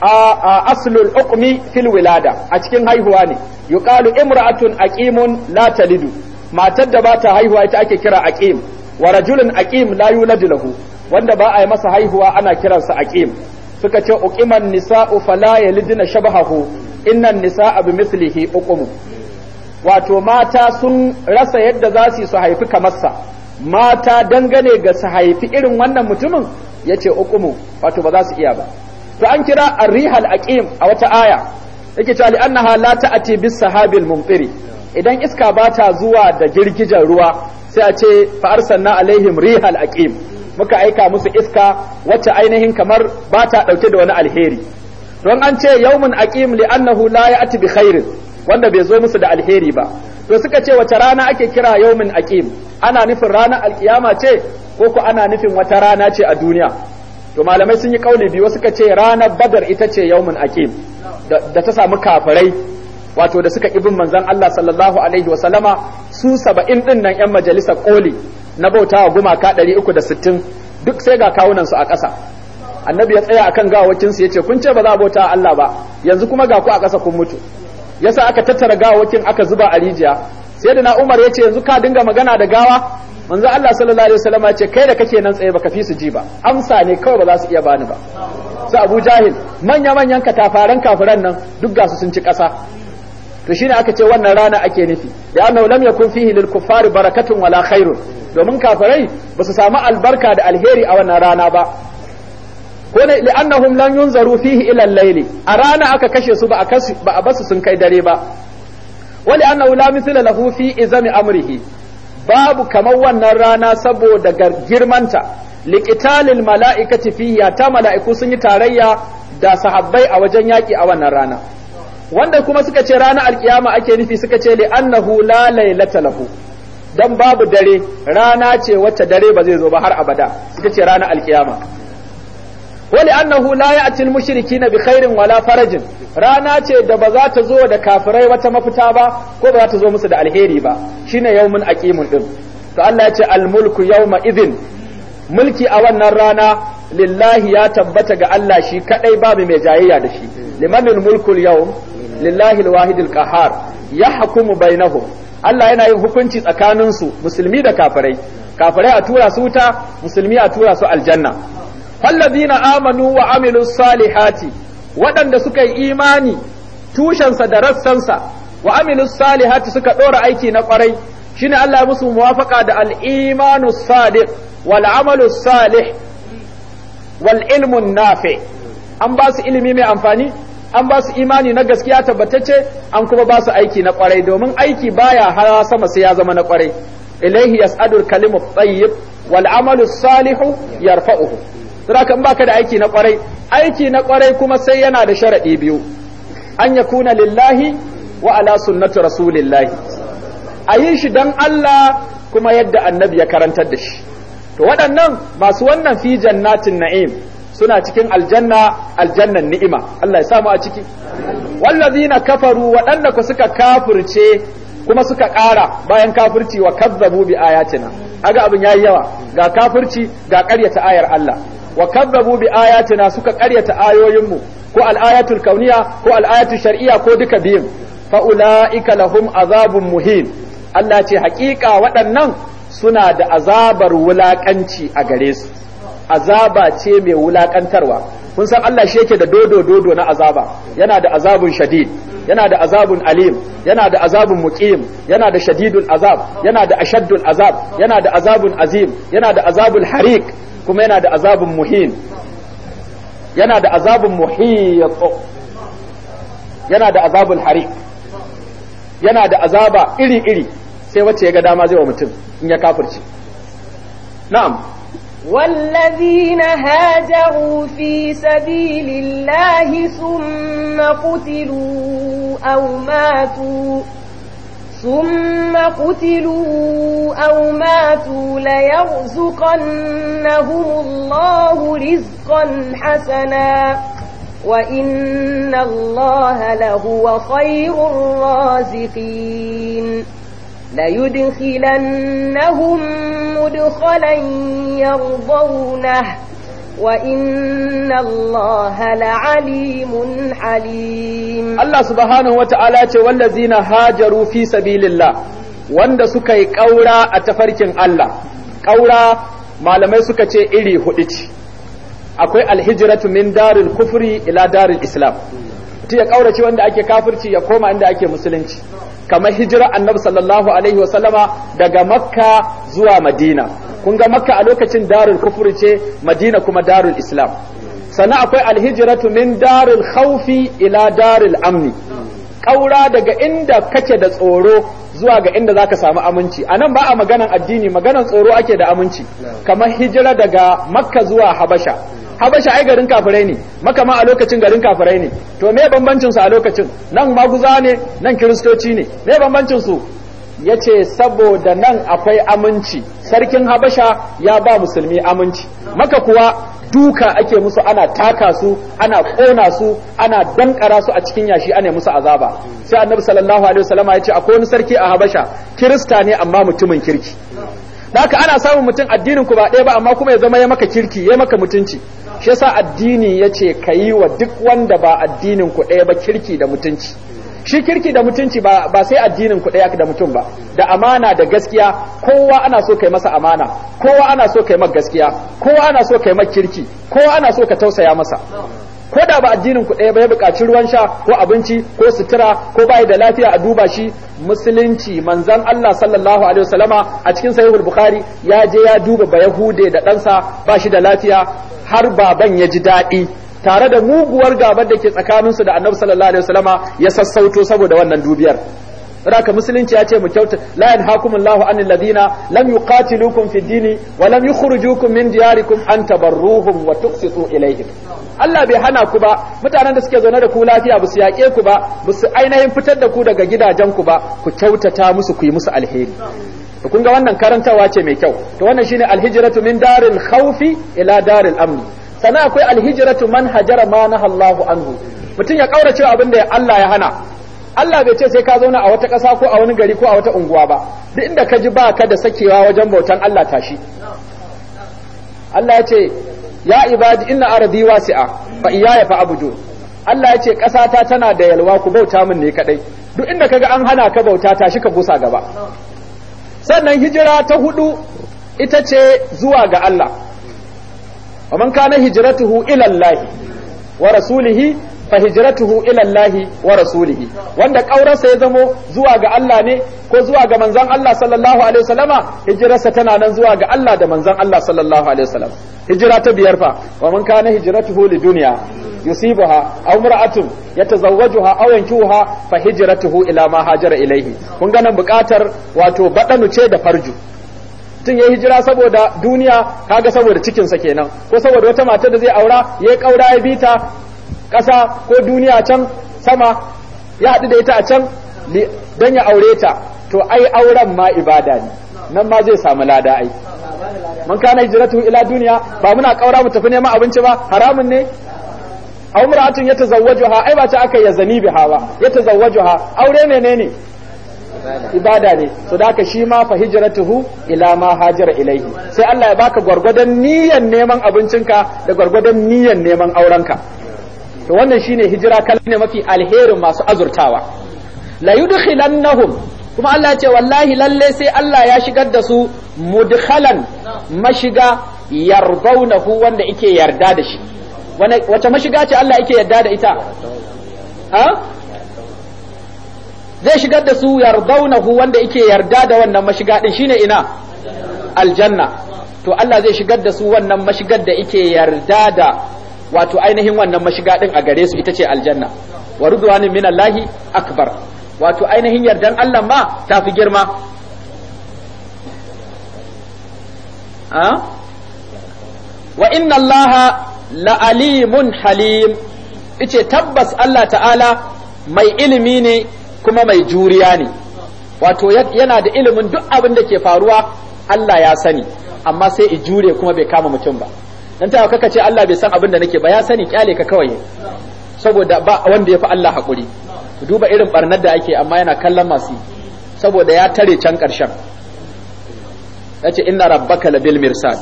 Speaker 1: a aslul ukmi fil wilada a cikin haihuwa ne yuqalu imra'atun aqimun la talidu matar da ba ta haihuwa ita ake kira aqim wa rajulun aqim la yuladu lahu wanda ba a yi masa haihuwa ana kiransa aqim suka ce uqiman nisa'u fala yalidna shabahahu innan nisa'a bimithlihi uqumu wato mata sun rasa yadda za su su haifi kamarsa mata dangane ga su haifi irin wannan mutumin ya ce ukumu wato ba za su iya ba to an kira arrihal aqim a wata aya yake cewa li annaha la ta'ati bis sahabil mumtiri idan iska ba ta zuwa da girgijen ruwa sai a ce fa arsalna alaihim rihal aqim muka aika musu iska wacce ainihin kamar ba ta dauke da wani alheri don an ce yawmun aqim li annahu la ya'ti bi khairin wanda bai zo musu da alheri ba to suka ce wace rana ake kira yaumin aqim ana nufin ranar alkiyama ce ko ku ana nufin wata rana ce a duniya to malamai sun yi kauli biyu suka ce ranar badar ita ce yaumin aqim da ta samu kafirai wato da suka ibin manzon Allah sallallahu alaihi wa sallama su 70 din nan yan majalisa koli na bautawa gumaka 360 duk sai ga kawunan su a ƙasa annabi ya tsaya akan gawawakin su yace kun ce ba za a bauta Allah ba yanzu kuma ga ku a ƙasa kun mutu yasa aka tattara gawawakin aka zuba a rijiya sai da na umar ya ce yanzu ka dinga magana da gawa manzo Allah sallallahu alaihi wasallam ya ce kai da kake nan tsaye baka fi su ji ba amsa ne kawai ba za su iya bani ba su Abu Jahil manya manyan katafaran kafiran nan duk ga su sun ci ƙasa to shine aka ce wannan rana ake nufi ya anna lam yakun fihi lil kuffari barakatun wala khairun domin kafirai ba su samu albarka da alheri a wannan rana ba ko ne annahum lan yunzaru fihi ila al-layli a rana aka kashe su ba a kasu ba a basu sun kai dare ba wali annahu la mithla lahu fi izami amrihi babu kamar wannan rana saboda girmanta liqitalil mala'ikati fihi ta mala'iku sun yi tarayya da sahabbai a wajen yaki a wannan rana wanda kuma suka ce rana alkiyama ake nufi suka ce annahu la laylata lahu dan babu dare rana ce wacce dare ba zai zo ba har abada suka ce rana alkiyama wali annahu la ya'ti al-mushrikeena bi khairin wala farajin rana ce da ba za ta zo da kafirai wata mafita ba ko ba za ta zo musu da alheri ba shine yawmun aqimun din to Allah ya ce al-mulku yawma idhin mulki a wannan rana lillahi ya tabbata ga Allah shi kadai babu mai jayayya da shi limanil mulkul yawm lillahi kahar. qahar yahkumu bainahum Allah yana yin hukunci tsakaninsu musulmi da kafirai kafirai a tura su wuta musulmi a tura su aljanna na amanu wa amilu salihati waɗanda suka yi imani tushensa da rassansa wa amilu salihati suka ɗora aiki na ƙwarai shine Allah musu muwafaka da al-imanu sadiq wal amalu salih wal ilmu an ba ilimi mai amfani an basu imani na gaskiya tabbatacce an kuma basu aiki na kwarai domin aiki baya hawa sama sai ya zama na kwarai ilaihi yas'adul kalimu tayyib wal amalu salihu yarfa'uhu saboda in baka da aiki na kwarai aiki na kwarai kuma sai yana da sharadi biyu an yakuna lillahi wa ala sunnati rasulillahi a yi shi dan Allah kuma yadda annabi ya karantar da shi to waɗannan masu wannan fi jannatin na'im suna cikin aljanna aljannan ni'ima Allah ya samu a ciki wallazina kafaru waɗanda ku suka kafirce kuma suka ƙara bayan kafirci wa kazzabu bi ayatina aga abin yayi yawa ga kafirci ga ƙaryata ayar Allah wa kazzabu bi ayatina suka karyata ayoyinmu ko al-ayatul kauniya ko al-ayatul shar'iyya ko duka biyun fa ulaika lahum azabun muhin Allah ce hakika waɗannan suna da azabar wulakanci a gare su azaba ce mai wulakantarwa kun san Allah shi yake da dodo dodo na azaba yana da azabun shadid yana da azabun alim yana da azabun muqim yana da shadidul azab yana da ashaddul azab yana da azabun azim yana da azabul harik kuma yana da azabun muhin yana da azabun muhiyat yana da azabul harik yana da azaba iri iri sai wacce ya ga dama zai wa mutum in ya kafirce na'am
Speaker 3: والذين هاجروا في سبيل الله ثم قتلوا أو ماتوا ثم قتلوا أو ماتوا ليرزقنهم الله رزقا حسنا وإن الله لهو خير الرازقين ليدخلنهم مدخلا يرضونه وإن الله لعليم حليم الله سبحانه وتعالى
Speaker 1: والذين هاجروا في سبيل الله wanda suka yi ƙaura a tafarkin Allah ƙaura malamai suka ce iri hudu ce akwai alhijratu min darul kufri ila darul islam mutum ya kaurace wanda ake kafirci ya koma inda ake musulunci kamar hijira annabi sallallahu alaihi wa sallama daga makka zuwa madina kun ga makka a lokacin darul kufur ce madina kuma darul islam sannan akwai alhijiratu min darul khawfi ila darul amni kaura daga inda kake da tsoro zuwa ga inda zaka samu aminci anan ba a maganan addini maganan tsoro ake da aminci kamar hijira daga makka zuwa habasha habasha ai garin kafirai ne makama a lokacin garin kafirai ne to me bambancin su a lokacin nan maguza ne nan kiristoci ne me bambancin su yace saboda nan akwai aminci sarkin habasha ya ba musulmi aminci maka kuwa duka ake musu ana taka su ana kona su ana dankara su a cikin yashi ana musu azaba sai annabi sallallahu alaihi ya ce akwai wani sarki a habasha kirista ne amma mutumin kirki da haka ana samun mutum addinin ku ba ɗaya ba amma kuma ya zama ya maka kirki ya maka mutunci shi yasa addini ya ce ka yi wa duk wanda ba addinin ku ɗaya ba kirki da mutunci shi kirki da mutunci ba, sai addinin ku ɗaya da mutum ba da amana da gaskiya kowa ana so kai masa amana kowa ana so kai masa gaskiya kowa ana so kai masa kirki kowa ana so ka tausaya masa ko da ba addinin ku ɗaya ba ya buƙaci ruwan sha ko abinci ko sutura ko bai da lafiya a duba shi musulunci manzon Allah sallallahu alaihi wasallama a cikin sahihul bukhari ya je ya duba ba yahude da ɗansa ba shi da lafiya har baban ya ji daɗi tare da muguwar gabar da ke tsakaninsu da annabi sallallahu alaihi wasallama ya sassauto saboda wannan dubiyar raka musulunci ya ce mu kyauta la yanhakumullahu anil ladina lam yuqatilukum fid dini wa lam yukhrijukum min diyarikum an tabarruhum wa tuqsitu ilayhim Allah bai hana ku ba mutanen da suke zaune da ku lafiya ba su yaƙe ku ba ba su ainihin fitar da ku daga gidajen ku ba ku kyautata musu ku yi musu alheri to kun ga wannan karantawa ce mai kyau to wannan shine alhijratu min daril khawfi ila daril amni sannan akwai alhijratu man hajara ma nahallahu anhu mutum ya kaurace abin da Allah ya hana Allah bai ce sai ka zauna a wata ƙasa ko a wani gari ko a wata unguwa ba duk inda ka ji ba ka da sakewa wajen bautan Allah tashi Allah ya ce ya ibadi inna ardi wasi'a fa iyaya fa abudu Allah ya ce ƙasa ta tana da yalwa ku bauta min ne kadai duk inda kaga an hana ka bauta tashi ka gusa gaba sannan hijira ta hudu ita ce zuwa ga Allah wa man kana hijratuhu ila Allah wa rasulihi fa hijratuhu ila Allah wa wanda ƙaurarsa ya zamo zuwa ga Allah ne ko zuwa ga manzon Allah sallallahu alaihi wasallama hijrarsa tana nan zuwa ga Allah da manzon Allah sallallahu alaihi wasallam hijira ta biyar fa wa man kana hijratuhu lidunya yusibuha aw mar'atun yatazawwajuha aw yankuha fa hijratuhu ila ma hajara ilaihi kun ga nan bukatar wato badanu ce da farju tun ya hijira saboda duniya kaga saboda cikinsa kenan ko saboda wata mata da zai aura ya kaura ya bita ƙasa ko duniya can sama ya haɗu da ita a can don ya aure ta to ai auren ma ibada ne nan ma zai samu lada ai mun kana hijratu ila duniya ba muna kaura mu tafi neman abinci ba haramun ne ya tazawwaju ha ai ba ta aka ya zani biha ba ha aure menene ibada ne so da shi ma fa hijratuhu ila ma hajara ilaihi sai Allah ya baka gwargwadon niyyar neman abincinka da gwargwadon niyyar neman aurenka to wannan shine hijira ne mafi alherin masu azurtawa la yudkhilannahum kuma Allah ce wallahi lalle sai Allah ya shigar da su mudkhalan mashiga yarbaunahu wanda yake yarda da shi wace mashiga ce Allah yake yarda da ita Ha? zai shigar da su yarbaunahu wanda yake yarda da wannan mashiga din shine ina aljanna to Allah zai shigar da su wannan mashigar da yake yarda da wato ainihin wannan mashiga din a gare su ita ce aljanna wa ridwanin minallahi akbar wato ainihin yardan Allah ma ta fi girma wa inna Allah la'alimun halim ice tabbas Allah ta'ala mai ilimi ne kuma mai juriya ne wato yana da ilimin duk abin da ke faruwa Allah ya sani amma sai i jure kuma bai kama mutum ba dan ta kaka ce Allah bai san abin da nake ba ya sani kyale ka kawai saboda ba wanda ya fi Allah hakuri duba irin barnar da ake amma yana kallon masu saboda ya tare can karshen yace inna rabbaka labil mirsad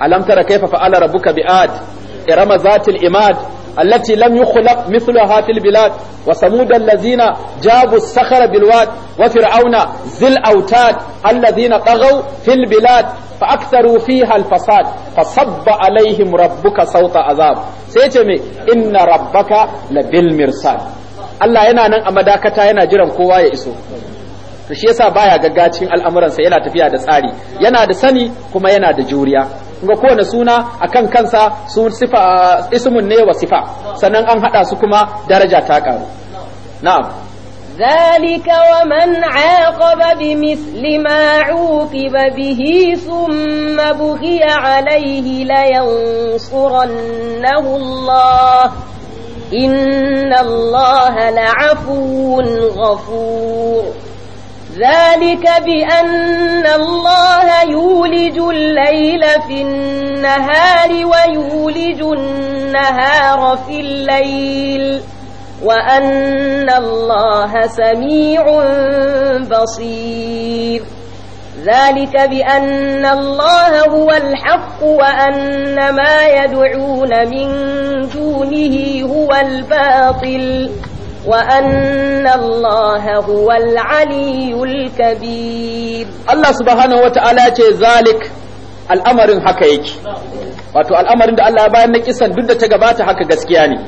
Speaker 1: alam tara kayfa fa'ala rabbuka bi'ad irama zatil imad التي لم يخلق مثلها في البلاد وثمود الذين جابوا الصخر بالواد وفرعون ذي الأوتاد الذين طغوا في البلاد فأكثروا فيها الفساد فصب عليهم ربك صوت عذاب سيتمي إن ربك لبالمرصاد الله ينا نن أمداكتا ينا جرم قوايا إسو to shi yasa baya gaggacin al'amuransa yana tafiya da tsari yana da sani kuma yana da juriya ga kowane suna akan kansa su sifa uh, ismun ne wa sifa sannan an hada su kuma daraja ta karu na'am
Speaker 3: ذلك ومن عاقب بمثل ما عوقب به ثم بغي عليه لينصرنه الله إن الله لعفو غفور ذلك بأن الله يولج الليل في النهار ويولج النهار في الليل وأن الله سميع بصير ذلك بأن الله هو الحق وأن ما يدعون من دونه هو الباطل وأن الله هو العلي الكبير الله
Speaker 1: سبحانه وتعالى ذلك al'amarin haka yake wato al'amarin da Allah bayan na kisan duk da ta gabata haka gaskiya ne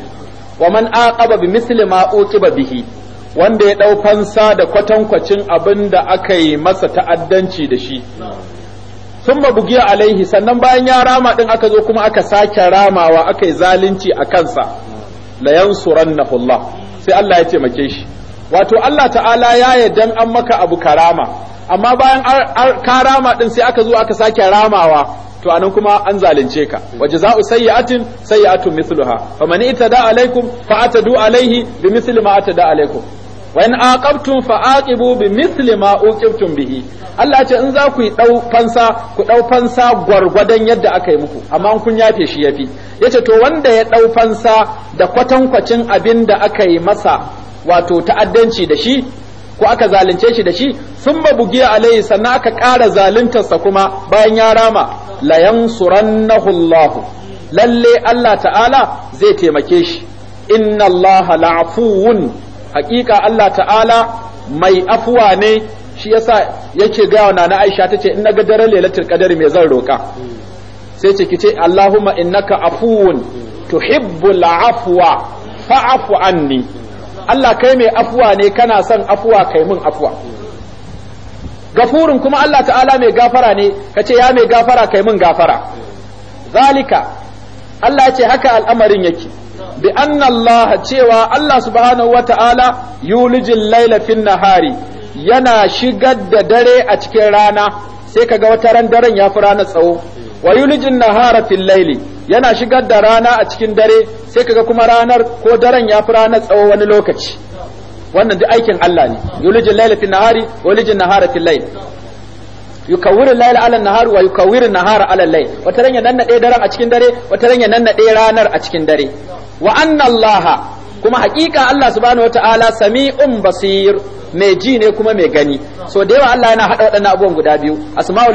Speaker 1: wa man aqaba bi misli ma uqiba bihi wanda ya dau fansa da kwatankwacin abin da aka yi masa ta'addanci da shi sun bugiya alaihi sannan bayan ya rama din aka zo kuma aka sake ramawa aka yi zalunci a kansa la yansurannahu Allah sai Allah ya taimake shi wato Allah ta'ala ya yarda an maka abu karama amma bayan karama din sai aka zo aka sake ramawa to anan kuma an zalunce ka wa za sayyi'atin sayyi'atun mithluha man itada alaikum fa atadu alaihi bimithli ma atada alaikum wa in aqabtum fa aqibu bi mithli ma uqibtum bihi Allah ce in za ku yi dau fansa ku dau fansa gwargwadon yadda aka yi muku amma in kun yafe shi yafi yace to wanda ya dau fansa da kwatankwacin abin da aka yi masa wato ta'addanci da shi ko aka zalunce shi da shi sun bugiya alaihi sannan aka ƙara zaluntarsa kuma bayan ya rama la yansurannahu Allah lalle Allah ta'ala zai taimake shi inna Allah la'afuwun hakika Allah ta'ala mai afuwa ne shi yasa yake ga wa nana Aisha tace in naga daren lailatul qadari me zan roka sai ce kice Allahumma innaka afuwun tuhibbul afwa fa'fu anni Allah kai mai afuwa ne kana son afuwa kai mun afuwa gafurun kuma Allah ta'ala mai gafara ne kace ya mai gafara kai mun gafara zalika Allah ya ce haka al'amarin yake bi anna Allah cewa Allah subhanahu wata'ala yulijil laila fin nahari yana shigar da dare a cikin rana sai kaga wata ran daren ya fi rana tsawo wa yulijin nahara fil laili yana shigar da rana a cikin dare sai kaga kuma ranar ko daren ya fi rana tsawo wani lokaci wannan duk aikin Allah ne yulijin laila fil nahari wa yulijin nahara fil laili yukawwiru layla ala nahar wa yukawwiru nahara ala layl wata ran nanna nannade daren a cikin dare wata ran nanna nannade ranar a cikin dare wa anna allaha kuma haƙiƙa Allah subhanahu wataala sami'un basir mai ji ne kuma mai gani so da yawa Allah yana hada waɗannan abubuwan guda biyu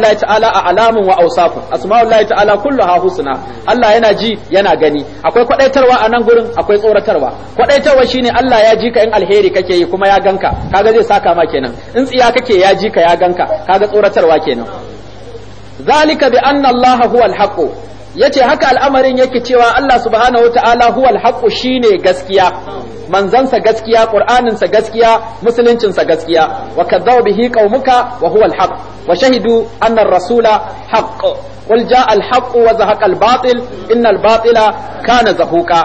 Speaker 1: lahi ta'ala a alamun wa asma'ul asma'ullahi ta'ala ha husna Allah yana ji yana gani akwai kwadaitarwa a nan gurin akwai tsoratarwa kwadaitarwa shine Allah ya ji ka in alheri kake yi kuma ya ganka kaga zai saka ma kenan in tsiya kake ya ji ka ya ganka kaga tsoratarwa kenan zalika bi anna Allah huwa yace haka al'amarin yake cewa Allah subhanahu wataala huwal haqqu shine gaskiya manzansa gaskiya ƙur'aninsa gaskiya musuluncinsa gaskiya wa kadzaba bihi qaumuka wa huwal haqq wa shahidu anna ar-rasula haqq qul jaa al-haqq wa zahaqa al-batil innal batila kana zahuqa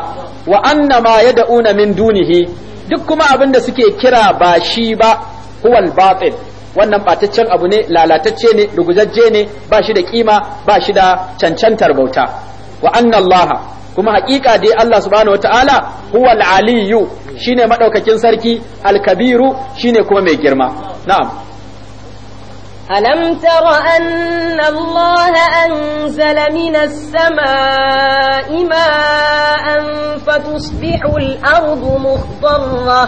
Speaker 1: wa anna ma yad'una min dunihi duk kuma abinda suke kira ba shi ba huwal batil wannan ɓataccen abu ne lalatacce ne rugujajje ne ba shi da kima ba shi da cancantar bauta wa anna Allah kuma haƙiƙa dai Allah subhanahu wataala huwal aliyyu shine madaukakin sarki alkabiru shine kuma mai girma na'am
Speaker 3: ألم تر أن الله أنزل من السماء ماء فتصبح الأرض مخضرة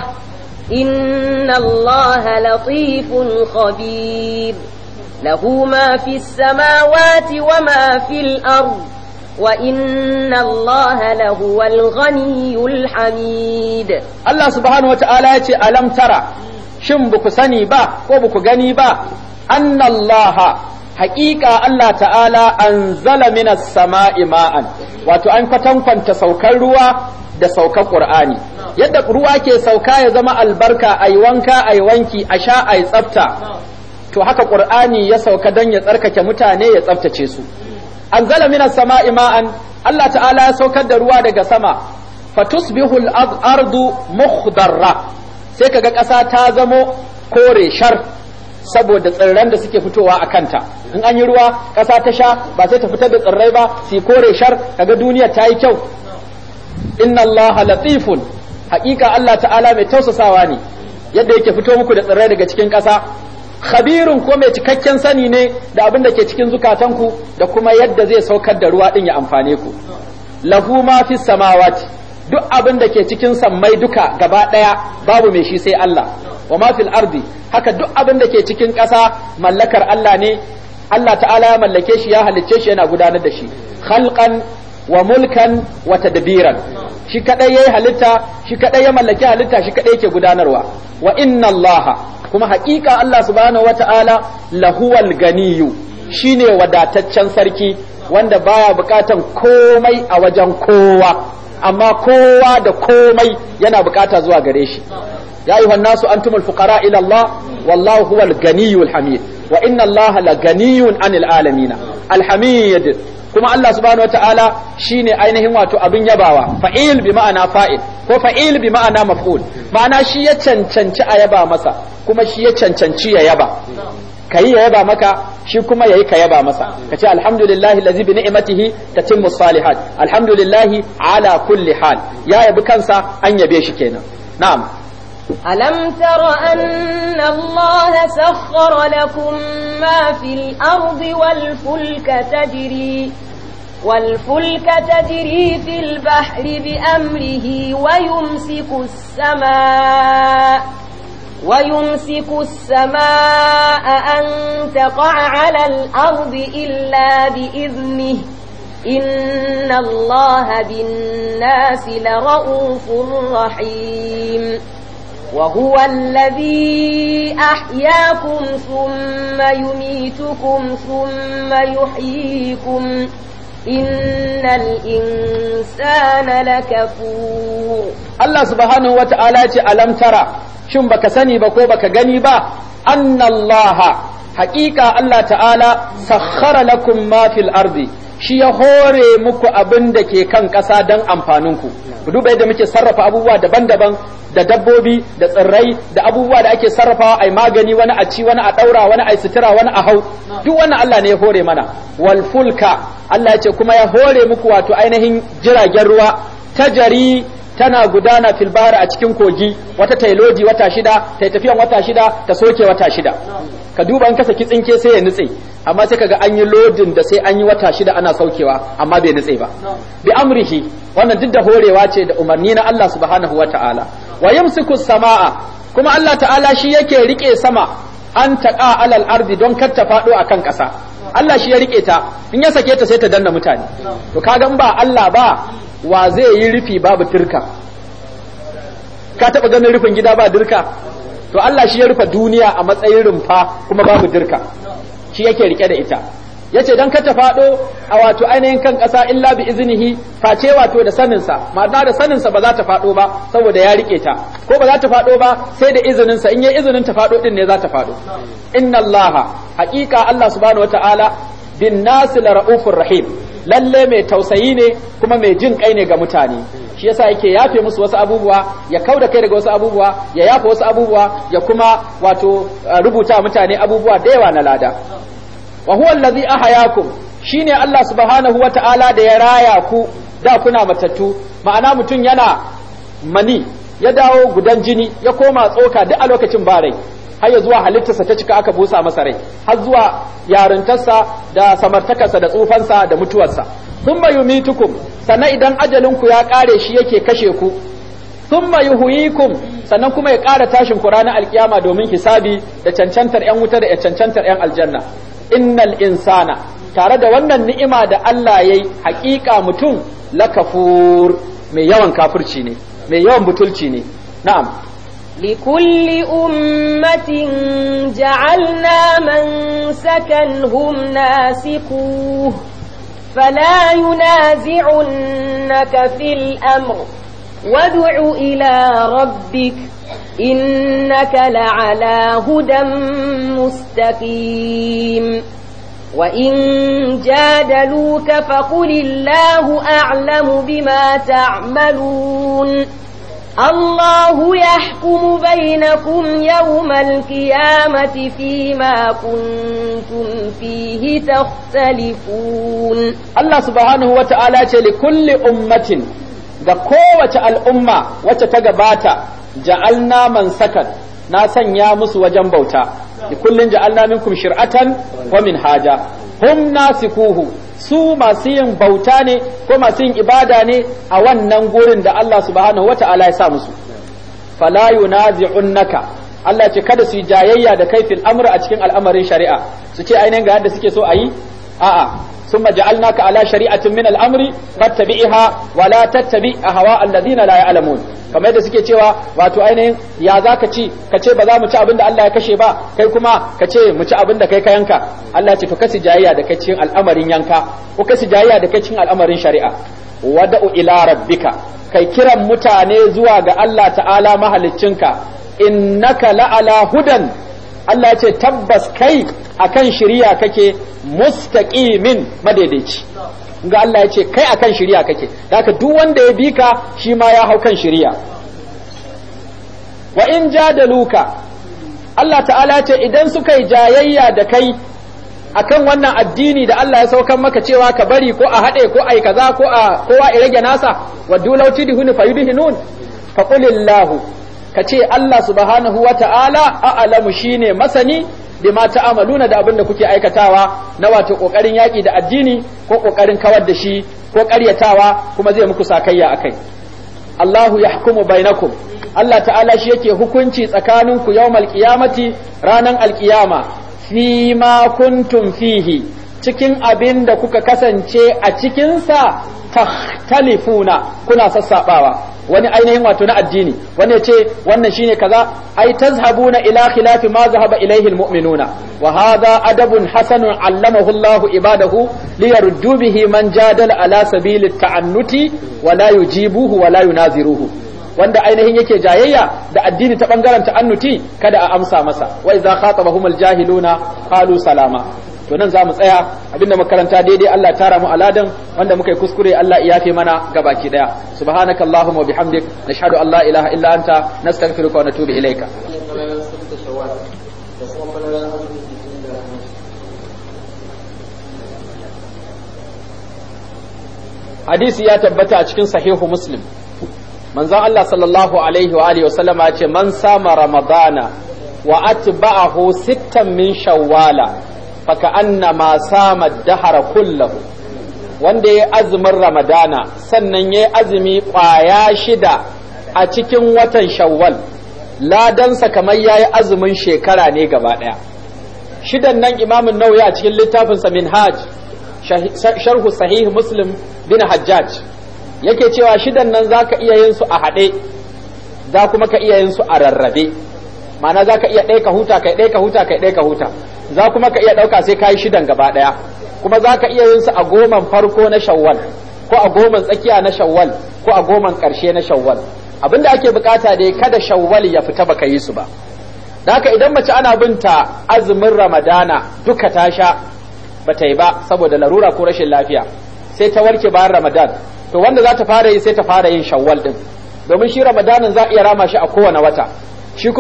Speaker 3: إن الله لطيف خبير له ما في السماوات وما في الأرض وإن الله لهو الغني الحميد الله سبحانه وتعالى ألم ترى
Speaker 1: شنبك سني با وبك غني با أن الله haƙiƙa Allah ta'ala an zala minas sama'i ma'an wato an kwanta saukar ruwa da saukar ƙur'ani yadda ruwa ke sauka ya zama albarka a yi wanka a yi wanki a sha a tsafta to haka ƙur'ani ya sauka don ya tsarkake mutane ya tsaftace su an zala minas sama'i ma'an Allah ta'ala ya saukar da ruwa daga sama fatusbihu al-ardu mukhdarra sai kaga ƙasa ta zamo kore shar saboda tsirran da suke fitowa a kanta in an yi ruwa ƙasa ta sha ba sai ta fitar da tsirrai ba su kore shar kaga duniya ta yi kyau inna allaha latifun haƙiƙa allah ta'ala mai tausasawa ne yadda yake fito muku da tsirrai daga cikin ƙasa khabirun ko mai cikakken sani ne da abin da ke cikin zukatanku da kuma yadda zai saukar da ruwa din ya amfane ku lahu ma fis samawati duk abin da ke cikin sammai duka gaba ɗaya babu mai shi sai Allah wa ma fil ardi haka duk abin da ke cikin ƙasa mallakar Allah ne Allah ta'ala ya mallake shi ya halicce shi yana gudanar da shi khalqan wa mulkan wa tadbiran shi kadai yayi halitta shi kadai ya mallaki halitta shi kadai yake gudanarwa wa inna Allah kuma haƙiƙa Allah subhanahu wata'ala lahuwal ganiyu shine wadataccen sarki wanda baya bukatan komai a wajen kowa amma kowa da komai yana bukata zuwa gare shi ya ayyuhan nasu antumul fukara ila Allah wallahu huwal ganiyul hamid wa inna Allah la ganiyun anil alamina alhamid kuma Allah subhanahu shi shine ainihin wato abin yabawa fa'il bi ma'ana fa'il ko fa'il bi ma'ana maf'ul ma'ana shi ya cancanci a yaba masa kuma shi ya cancanci ya yaba kayi ya yaba maka shi kuma yayi ka yaba masa ka ce alhamdulillahi allazi bi ni'matihi tatimmu salihat alhamdulillahi ala kulli hal ya yabi kansa an yabe shi kenan na'am
Speaker 3: ألم تر أن الله سخر لكم ما في الأرض والفلك تجري والفلك تجري في البحر بأمره ويمسك السماء ويمسك السماء أن تقع على الأرض إلا بإذنه إن الله بالناس لرؤوف رحيم وهو الذي أحياكم ثم يميتكم ثم يحييكم ثم innal insana lakafur
Speaker 1: Allah subhanahu wata'ala ce alam tara shin baka sani ba ko baka gani ba annallaha haƙiƙa Allah ta'ala sakhara lakum ma fil ardi shi ya hore muku abin da ke kan ƙasa don amfaninku ku duba yadda muke sarrafa abubuwa daban-daban da dabbobi da tsirrai da abubuwa da ake sarrafawa yi magani wani a ci wani a ɗaura wani a sutura wani a hau duk wannan Allah ne ya hore mana Walfulka Allah ya ce kuma ya hore muku wato ainihin jiragen ruwa jari tana gudana filbara a cikin kogi wata tailoji wata shida ta tafiyan wata shida ta soke wata shida ka duba an kasa saki sai ya nutse amma sai kaga an yi lodin da sai an yi wata shida ana saukewa amma bai nutse ba bi amrihi wannan duk da horewa ce da umarni na Allah subhanahu wataala wa yamsiku samaa kuma Allah ta'ala shi yake rike sama an taqa alal ardi don kar ta fado akan ƙasa Allah shi ya rike ta in ya sake ta sai ta danna mutane to kaga ba Allah ba wa zai yi rufi babu turka ka taɓa ganin rufin gida ba durka? to Allah shi ya rufe duniya a matsayin rumfa kuma babu dirka shi yake rike da ita yace dan ka ta fado a wato ainihin kan ƙasa illa bi iznihi face wato da sanin sa ma'ana da sanin sa ba za ta fado ba saboda ya rike ta ko ba za ta fado ba sai da izinin sa in yayi izinin ta fado din ne za ta fado inna allaha haqiqa Allah subhanahu wataala bin nasi la rahim lalle mai tausayi ne kuma mai jin kai ne ga mutane shi yasa yake yafe musu wasu abubuwa ya kau da kai daga wasu abubuwa ya yafe wasu abubuwa ya kuma wato uh, rubuta mutane abubuwa da yawa na lada wa huwa allazi ahayakum shine Allah subhanahu wata'ala da ya raya ku da kuna matattu ma'ana mutum yana mani ya dawo gudan jini ya koma tsoka duk a lokacin barai. har ya zuwa halittarsa ta cika aka busa masa rai har zuwa yarintarsa da samartakarsa da tsufansa da mutuwarsa sun mayu mitukum sannan idan ajalinku ya kare shi yake kashe ku sun huyi yuhyikum sannan kuma ya kara tashin ku ranar alkiyama domin hisabi da cancantar yan wuta da cancantar yan aljanna innal insana tare da wannan ni'ima da Allah yayi haƙiƙa mutum lakafur mai yawan kafirci ne mai yawan butulci ne na'am
Speaker 3: لكل أمة جعلنا من سكنهم ناسكوه فلا ينازعنك في الأمر وادع إلى ربك إنك لعلى هدى مستقيم وإن جادلوك فقل الله أعلم بما تعملون الله يحكم بينكم يوم القيامة فيما كنتم فيه تختلفون
Speaker 1: الله سبحانه وتعالى لكل أمة ga kowace al'umma wacce ta gabata ja'alna man sakat na sanya musu wajen bauta kullum ja'alna minkum shir'atan wa haja hum nasikuhu su masu yin bauta ne ko masu yin ibada ne a wannan gurin da Allah subhanahu wata'ala ya sa musu fala yunazi'unnaka Allah ce kada su yi jayayya da kaifin amra a cikin al'amarin shari'a su ce ainihin ga yadda suke so a yi a'a summa ja'alnaka ala shari'atin min al'amri fattabi'ha wa la tattabi ahwa alladhina la ya'lamun kamar da suke cewa wato ainihin ya za ka ci ka ce ba za mu ci abin da Allah ya kashe ba kai kuma ka ce mu ci abin da kai ka yanka Allah ce to kasi jayayya da kai cikin al'amarin yanka ko kasi jayayya da kai cikin al'amarin shari'a wada'u ila rabbika kai kiran mutane zuwa ga Allah ta'ala mahaliccinka innaka la'ala hudan Allah ya ce tabbas kai akan shiriya kake mustaqimin madaidaici ga Allah ya ce kai akan shari'a kake haka duk wanda ya bi ka shi ma ya hau kan shari'a wa in luka. Allah ta'ala ce idan suka yi jayayya da kai akan wannan addini da Allah ya saukan maka cewa ka bari ko a haɗe ko a yi kaza ko a kowa ya rage nasa wa dulauti dihuni fa yudhinun fa qulillahu ka ce Allah subhanahu wa ta'ala a'lamu ne masani bima ta'amaluna da abin da kuke aikatawa na wato ƙoƙarin yaƙi da addini ko ƙoƙarin kawar da shi ko ƙaryatawa kuma zai muku sa sakayya akai Allahu ya na bainakum Allah ta'ala shi yake hukunci tsakaninku yau qiyamati ranar alƙiyama fi ma kuntum fihi cikin abin da kuka kasance a cikinsa tahtalifuna kuna sassaɓawa wani ainihin wato na addini wani ya ce wannan shine kaza ai tazhabuna ila khilafi ma zahaba ilaihi almu'minuna wa hadha adabun hasanun allamahu Allah ibadahu liyaruddu bihi man jadala ala sabili ta'annuti wa la yujibuhu wa la yunaziruhu wanda ainihin yake jayayya da addini ta bangaren ta'annuti kada a amsa masa wa idza khatabahumul jahiluna qalu salama to nan za mu tsaya abinda makaranta daidai Allah ya tara mu aladan wanda muka yi kuskure Allah ya yafe mana gabaki daya subhanakallahumma wa bihamdik nashhadu an la ilaha illa anta nastaghfiruka wa natubu ilaika hadisi ya tabbata a cikin sahihu muslim manzon Allah sallallahu alaihi wa alihi sallama ya ce man sama ramadana wa atba'ahu sittan min shawwala faka anna ma sama dahara kullahu wanda ya azumin ramadana sannan ya azumi kwaya shida a cikin watan shawwal ladansa kamar ya yi azumin shekara ne gaba ɗaya shidan nan imamun nauyi a cikin littafinsa min hajj sharhu sahih muslim bin hajjaj yake cewa shidan nan za ka iya yin su a haɗe za kuma ka iya yin su a rarrabe ma'ana za ka iya ɗaya ka huta kai ɗaya ka huta kai ɗaya ka huta za kuma ka iya ɗauka sai ka yi shidan gaba ɗaya kuma za ka iya yin su a goman farko na shawwal ko a goman tsakiya na shawwal ko a goman ƙarshe na shawwal abin da ake bukata dai kada shawwal ya fita baka yi su ba Da haka idan mace ana bin ta azumin ramadana duka ta sha bata yi ba saboda larura ko rashin lafiya sai ta warke bayan ramadan to wanda za ta fara yi sai ta fara yin shawwal din domin shi ramadanin za a iya rama shi a kowane wata shi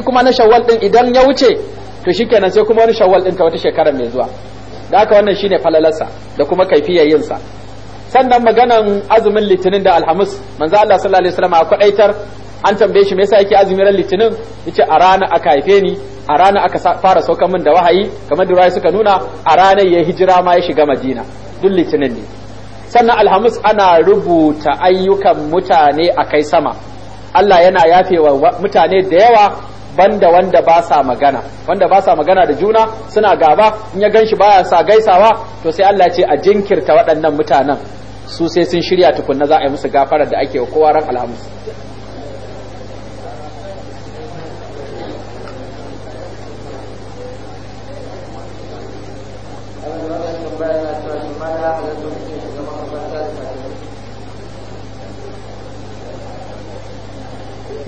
Speaker 1: kuma na shawwal din idan ya wuce to shikenan sai kuma wani shawwal din ta wata shekara mai zuwa da haka wannan shine falalarsa da kuma kaifiyar yin sa sannan maganan azumin litinin da alhamis manzo Allah sallallahu alaihi wasallam akwai aitar an tambaye shi me yasa yake azumin ran litinin yace a rana aka haife ni a rana aka fara saukan min da wahayi kamar da suka nuna a ranar ya hijira ma ya shiga Madina duk litinin ne sannan alhamis ana rubuta ayyukan mutane a kai sama Allah yana yafe wa mutane da yawa banda wanda ba sa magana wanda ba sa magana da juna suna gaba in ya gan shi baya sa gaisawa to sai Allah ce a jinkirta waɗannan mutanen su sai sun shirya tukunna za a yi musu gafarar da ake wa kowa ran alhamis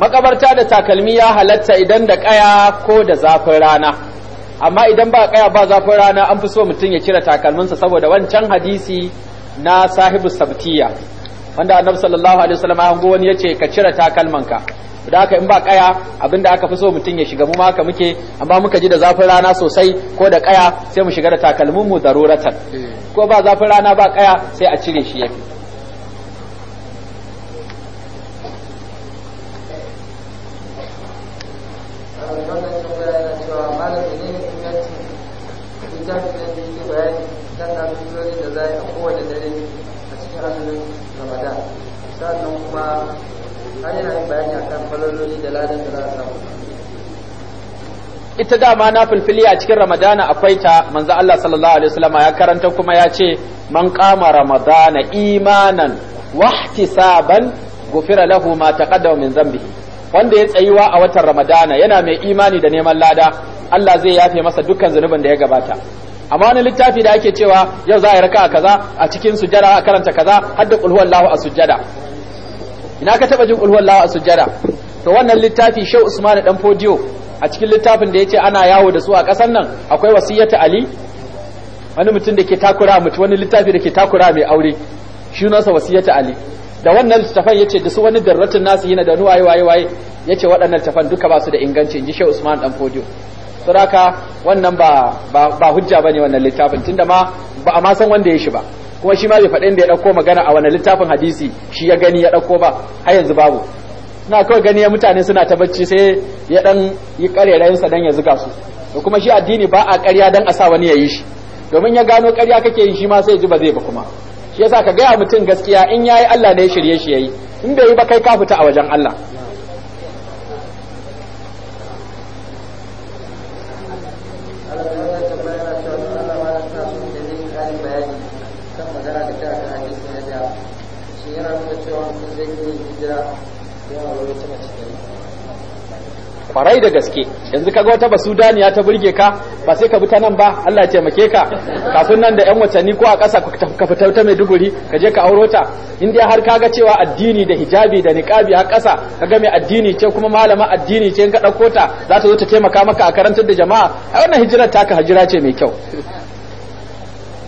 Speaker 1: makabarta da takalmi ya halatta idan da kaya ko da zafin rana amma idan ba kaya ba zafin rana an fi so mutum ya cire takalminsa saboda wancan hadisi na sahibu sabtiya wanda annabi sallallahu alaihi wasallam ya hango wani yace ka cire takalmanka da haka in ba kaya abinda aka fi so mutum ya shiga mu ma haka muke amma muka ji da zafin rana sosai ko da kaya sai mu shiga da takalmin mu daruratan eh. ko ba zafin rana ba kaya sai a cire shi yafi
Speaker 2: sannan da ladan
Speaker 1: ita dama na filfili a cikin ramadana akwai ta manzo Allah sallallahu alaihi wasallama ya karanta kuma ya ce man qama ramadana imanan wahtisaban gufira lahu ma taqaddama min dhanbihi wanda ya tsayuwa a watan ramadana yana mai imani da neman lada Allah zai yafe masa dukkan zunubin da ya gabata amma wani littafi da ake cewa yau za a yi raka kaza a cikin sujada a karanta kaza har da qul huwallahu a sujada ina ka taba jin kulhuwallahu a sujjada to wannan littafi Shehu Usman dan Fodiyo a cikin littafin da yace ana yawo da su a kasar nan akwai wasiyyata Ali wani mutum da ke takura mutu wani littafi da ke takura mai aure shi nasa wasiyyata Ali da wannan littafin yace da su wani darratun nasu yana da nuwaye waye waye yace waɗannan littafan duka ba su da inganci inji Shehu Usman dan Fodiyo saboda wannan ba ba hujja bane wannan littafin tunda ma ba a ma san wanda ya shi ba kuma shi ma bai faɗin da ya ɗauko magana a wani littafin hadisi shi ya gani ya ɗauko ba har yanzu babu na kawai gani ya mutane suna ta bacci sai ya ɗan yi ƙarerayensa dan ya ziga su da kuma shi addini ba a ƙarya don a sa wani ya yi shi domin ya gano ƙarya kake yi shi ma sai ji ba zai ba kuma shi yasa ka gaya mutum gaskiya in yayi Allah ne ya shirye shi yayi in bai yi ba kai ka fita a wajen Allah kwarai da gaske yanzu kaga wata basudaniya ta burge ka ba sai ka bi ta nan ba Allah ya taimake ka kafin nan da yan watanni ko a ƙasa ka fita ta mai duguri ka je ka auro ta in dai har kaga cewa addini da hijabi da niqabi a ƙasa kaga mai addini ce kuma malama addini ce in ka ɗauko ta za ta zo ta taimaka maka a karantar da jama'a a wannan hijirar taka hijira ce mai kyau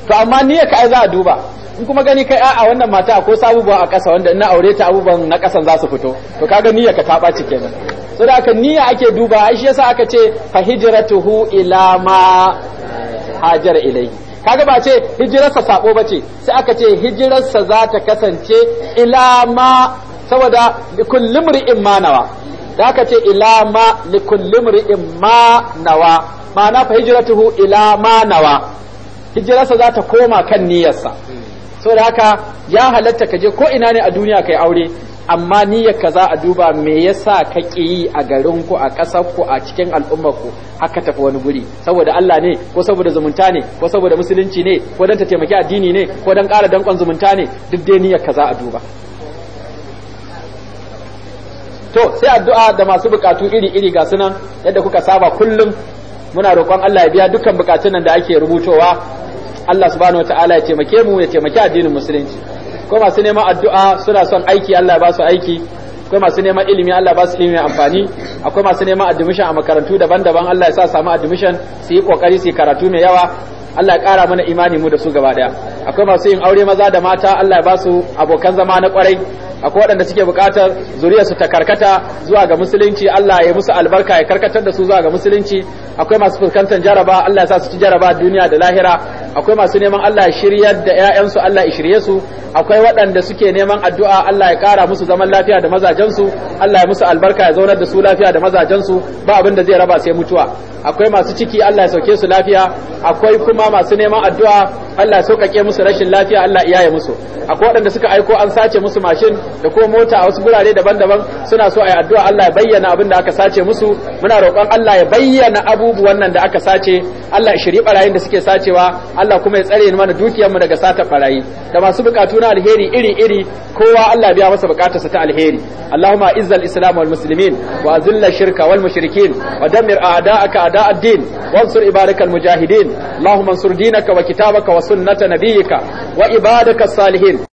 Speaker 1: to amma niyya ka ai za a duba in kuma gani kai aa wannan mata ko sabubuwa a ƙasa wanda ina aure ta abubuwan na ƙasan za su fito to kaga niyya ka ta ɓaci kenan sai aka niyya ake duba shi yasa aka ce fa hijratuhu ila ma hajar ilayhi kaga ba ce hijirarsa sako ba ce sai aka ce hijirarsa za ta kasance ila ma saboda likulli mri'in ma nawa da aka ce ila ma likulli mri'in ma nawa ma'ana fa hijratuhu ila ma nawa hijirarsa za ta koma kan niyyarsa saboda haka ya halatta ka je ko ina ne a duniya kai aure amma niyya ka za a duba me yasa ka ki yi a garin ku a ƙasar ku a cikin al'ummar ku haka tafi wani guri saboda Allah ne ko saboda zumunta ne ko saboda musulunci ne ko dan ta taimaki addini ne ko dan ƙara dankon zumunta ne duk dai niyya ka za a duba to sai addu'a da masu bukatu iri-iri ga sunan yadda kuka saba kullum muna roƙon Allah ya biya dukkan bukatun nan da ake rubutowa Allah subhanahu wataala ya taimake mu ya taimaki addinin musulunci ko masu neman addu'a suna son aiki Allah ba su aiki akwai masu neman ilimi Allah ba su ilimi amfani akwai masu neman admission a makarantu daban-daban Allah ya sa samu admission su yi kokari su yi karatu mai yawa Allah ya kara mana imani mu da su gaba daya akwai masu yin aure maza da mata Allah ya ba su abokan zama na kwarai akwai waɗanda suke buƙatar zuriyarsu ta karkata zuwa ga musulunci Allah ya musu albarka ya karkatar da su zuwa ga musulunci akwai masu fuskantar jaraba Allah ya sa su ci jaraba duniya da lahira akwai masu neman Allah ya shiryar da ƴaƴansu Allah ya shirye su akwai waɗanda suke neman addu'a Allah ya ƙara musu zaman lafiya da mazajensu Allah ya musu albarka ya zaunar da su lafiya da mazajensu ba abin da zai raba sai mutuwa akwai masu ciki Allah ya sauke su lafiya akwai kuma masu neman addu'a Allah ya sauƙaƙe musu rashin lafiya Allah ya iyaye musu akwai waɗanda suka aiko an sace musu mashin da ko mota a wasu gurare daban-daban suna so a yi addu'a Allah ya bayyana abin da aka sace musu muna roƙon Allah ya bayyana abubuwan nan da aka sace Allah ya shiri barayin da suke sacewa Allah kuma ya tsare mana dukiyar mu daga sata barayi da masu bukatu na alheri iri-iri kowa Allah biya masa bukatarsa ta alheri Allahumma izzal islam wal muslimin wa azilla shirka wal mushrikin wa damir a'da'aka a'da' din wansur ibadakal mujahidin Allahumma ansur dinaka wa kitabaka wa sunnata nabiyyika wa ibadaka salihin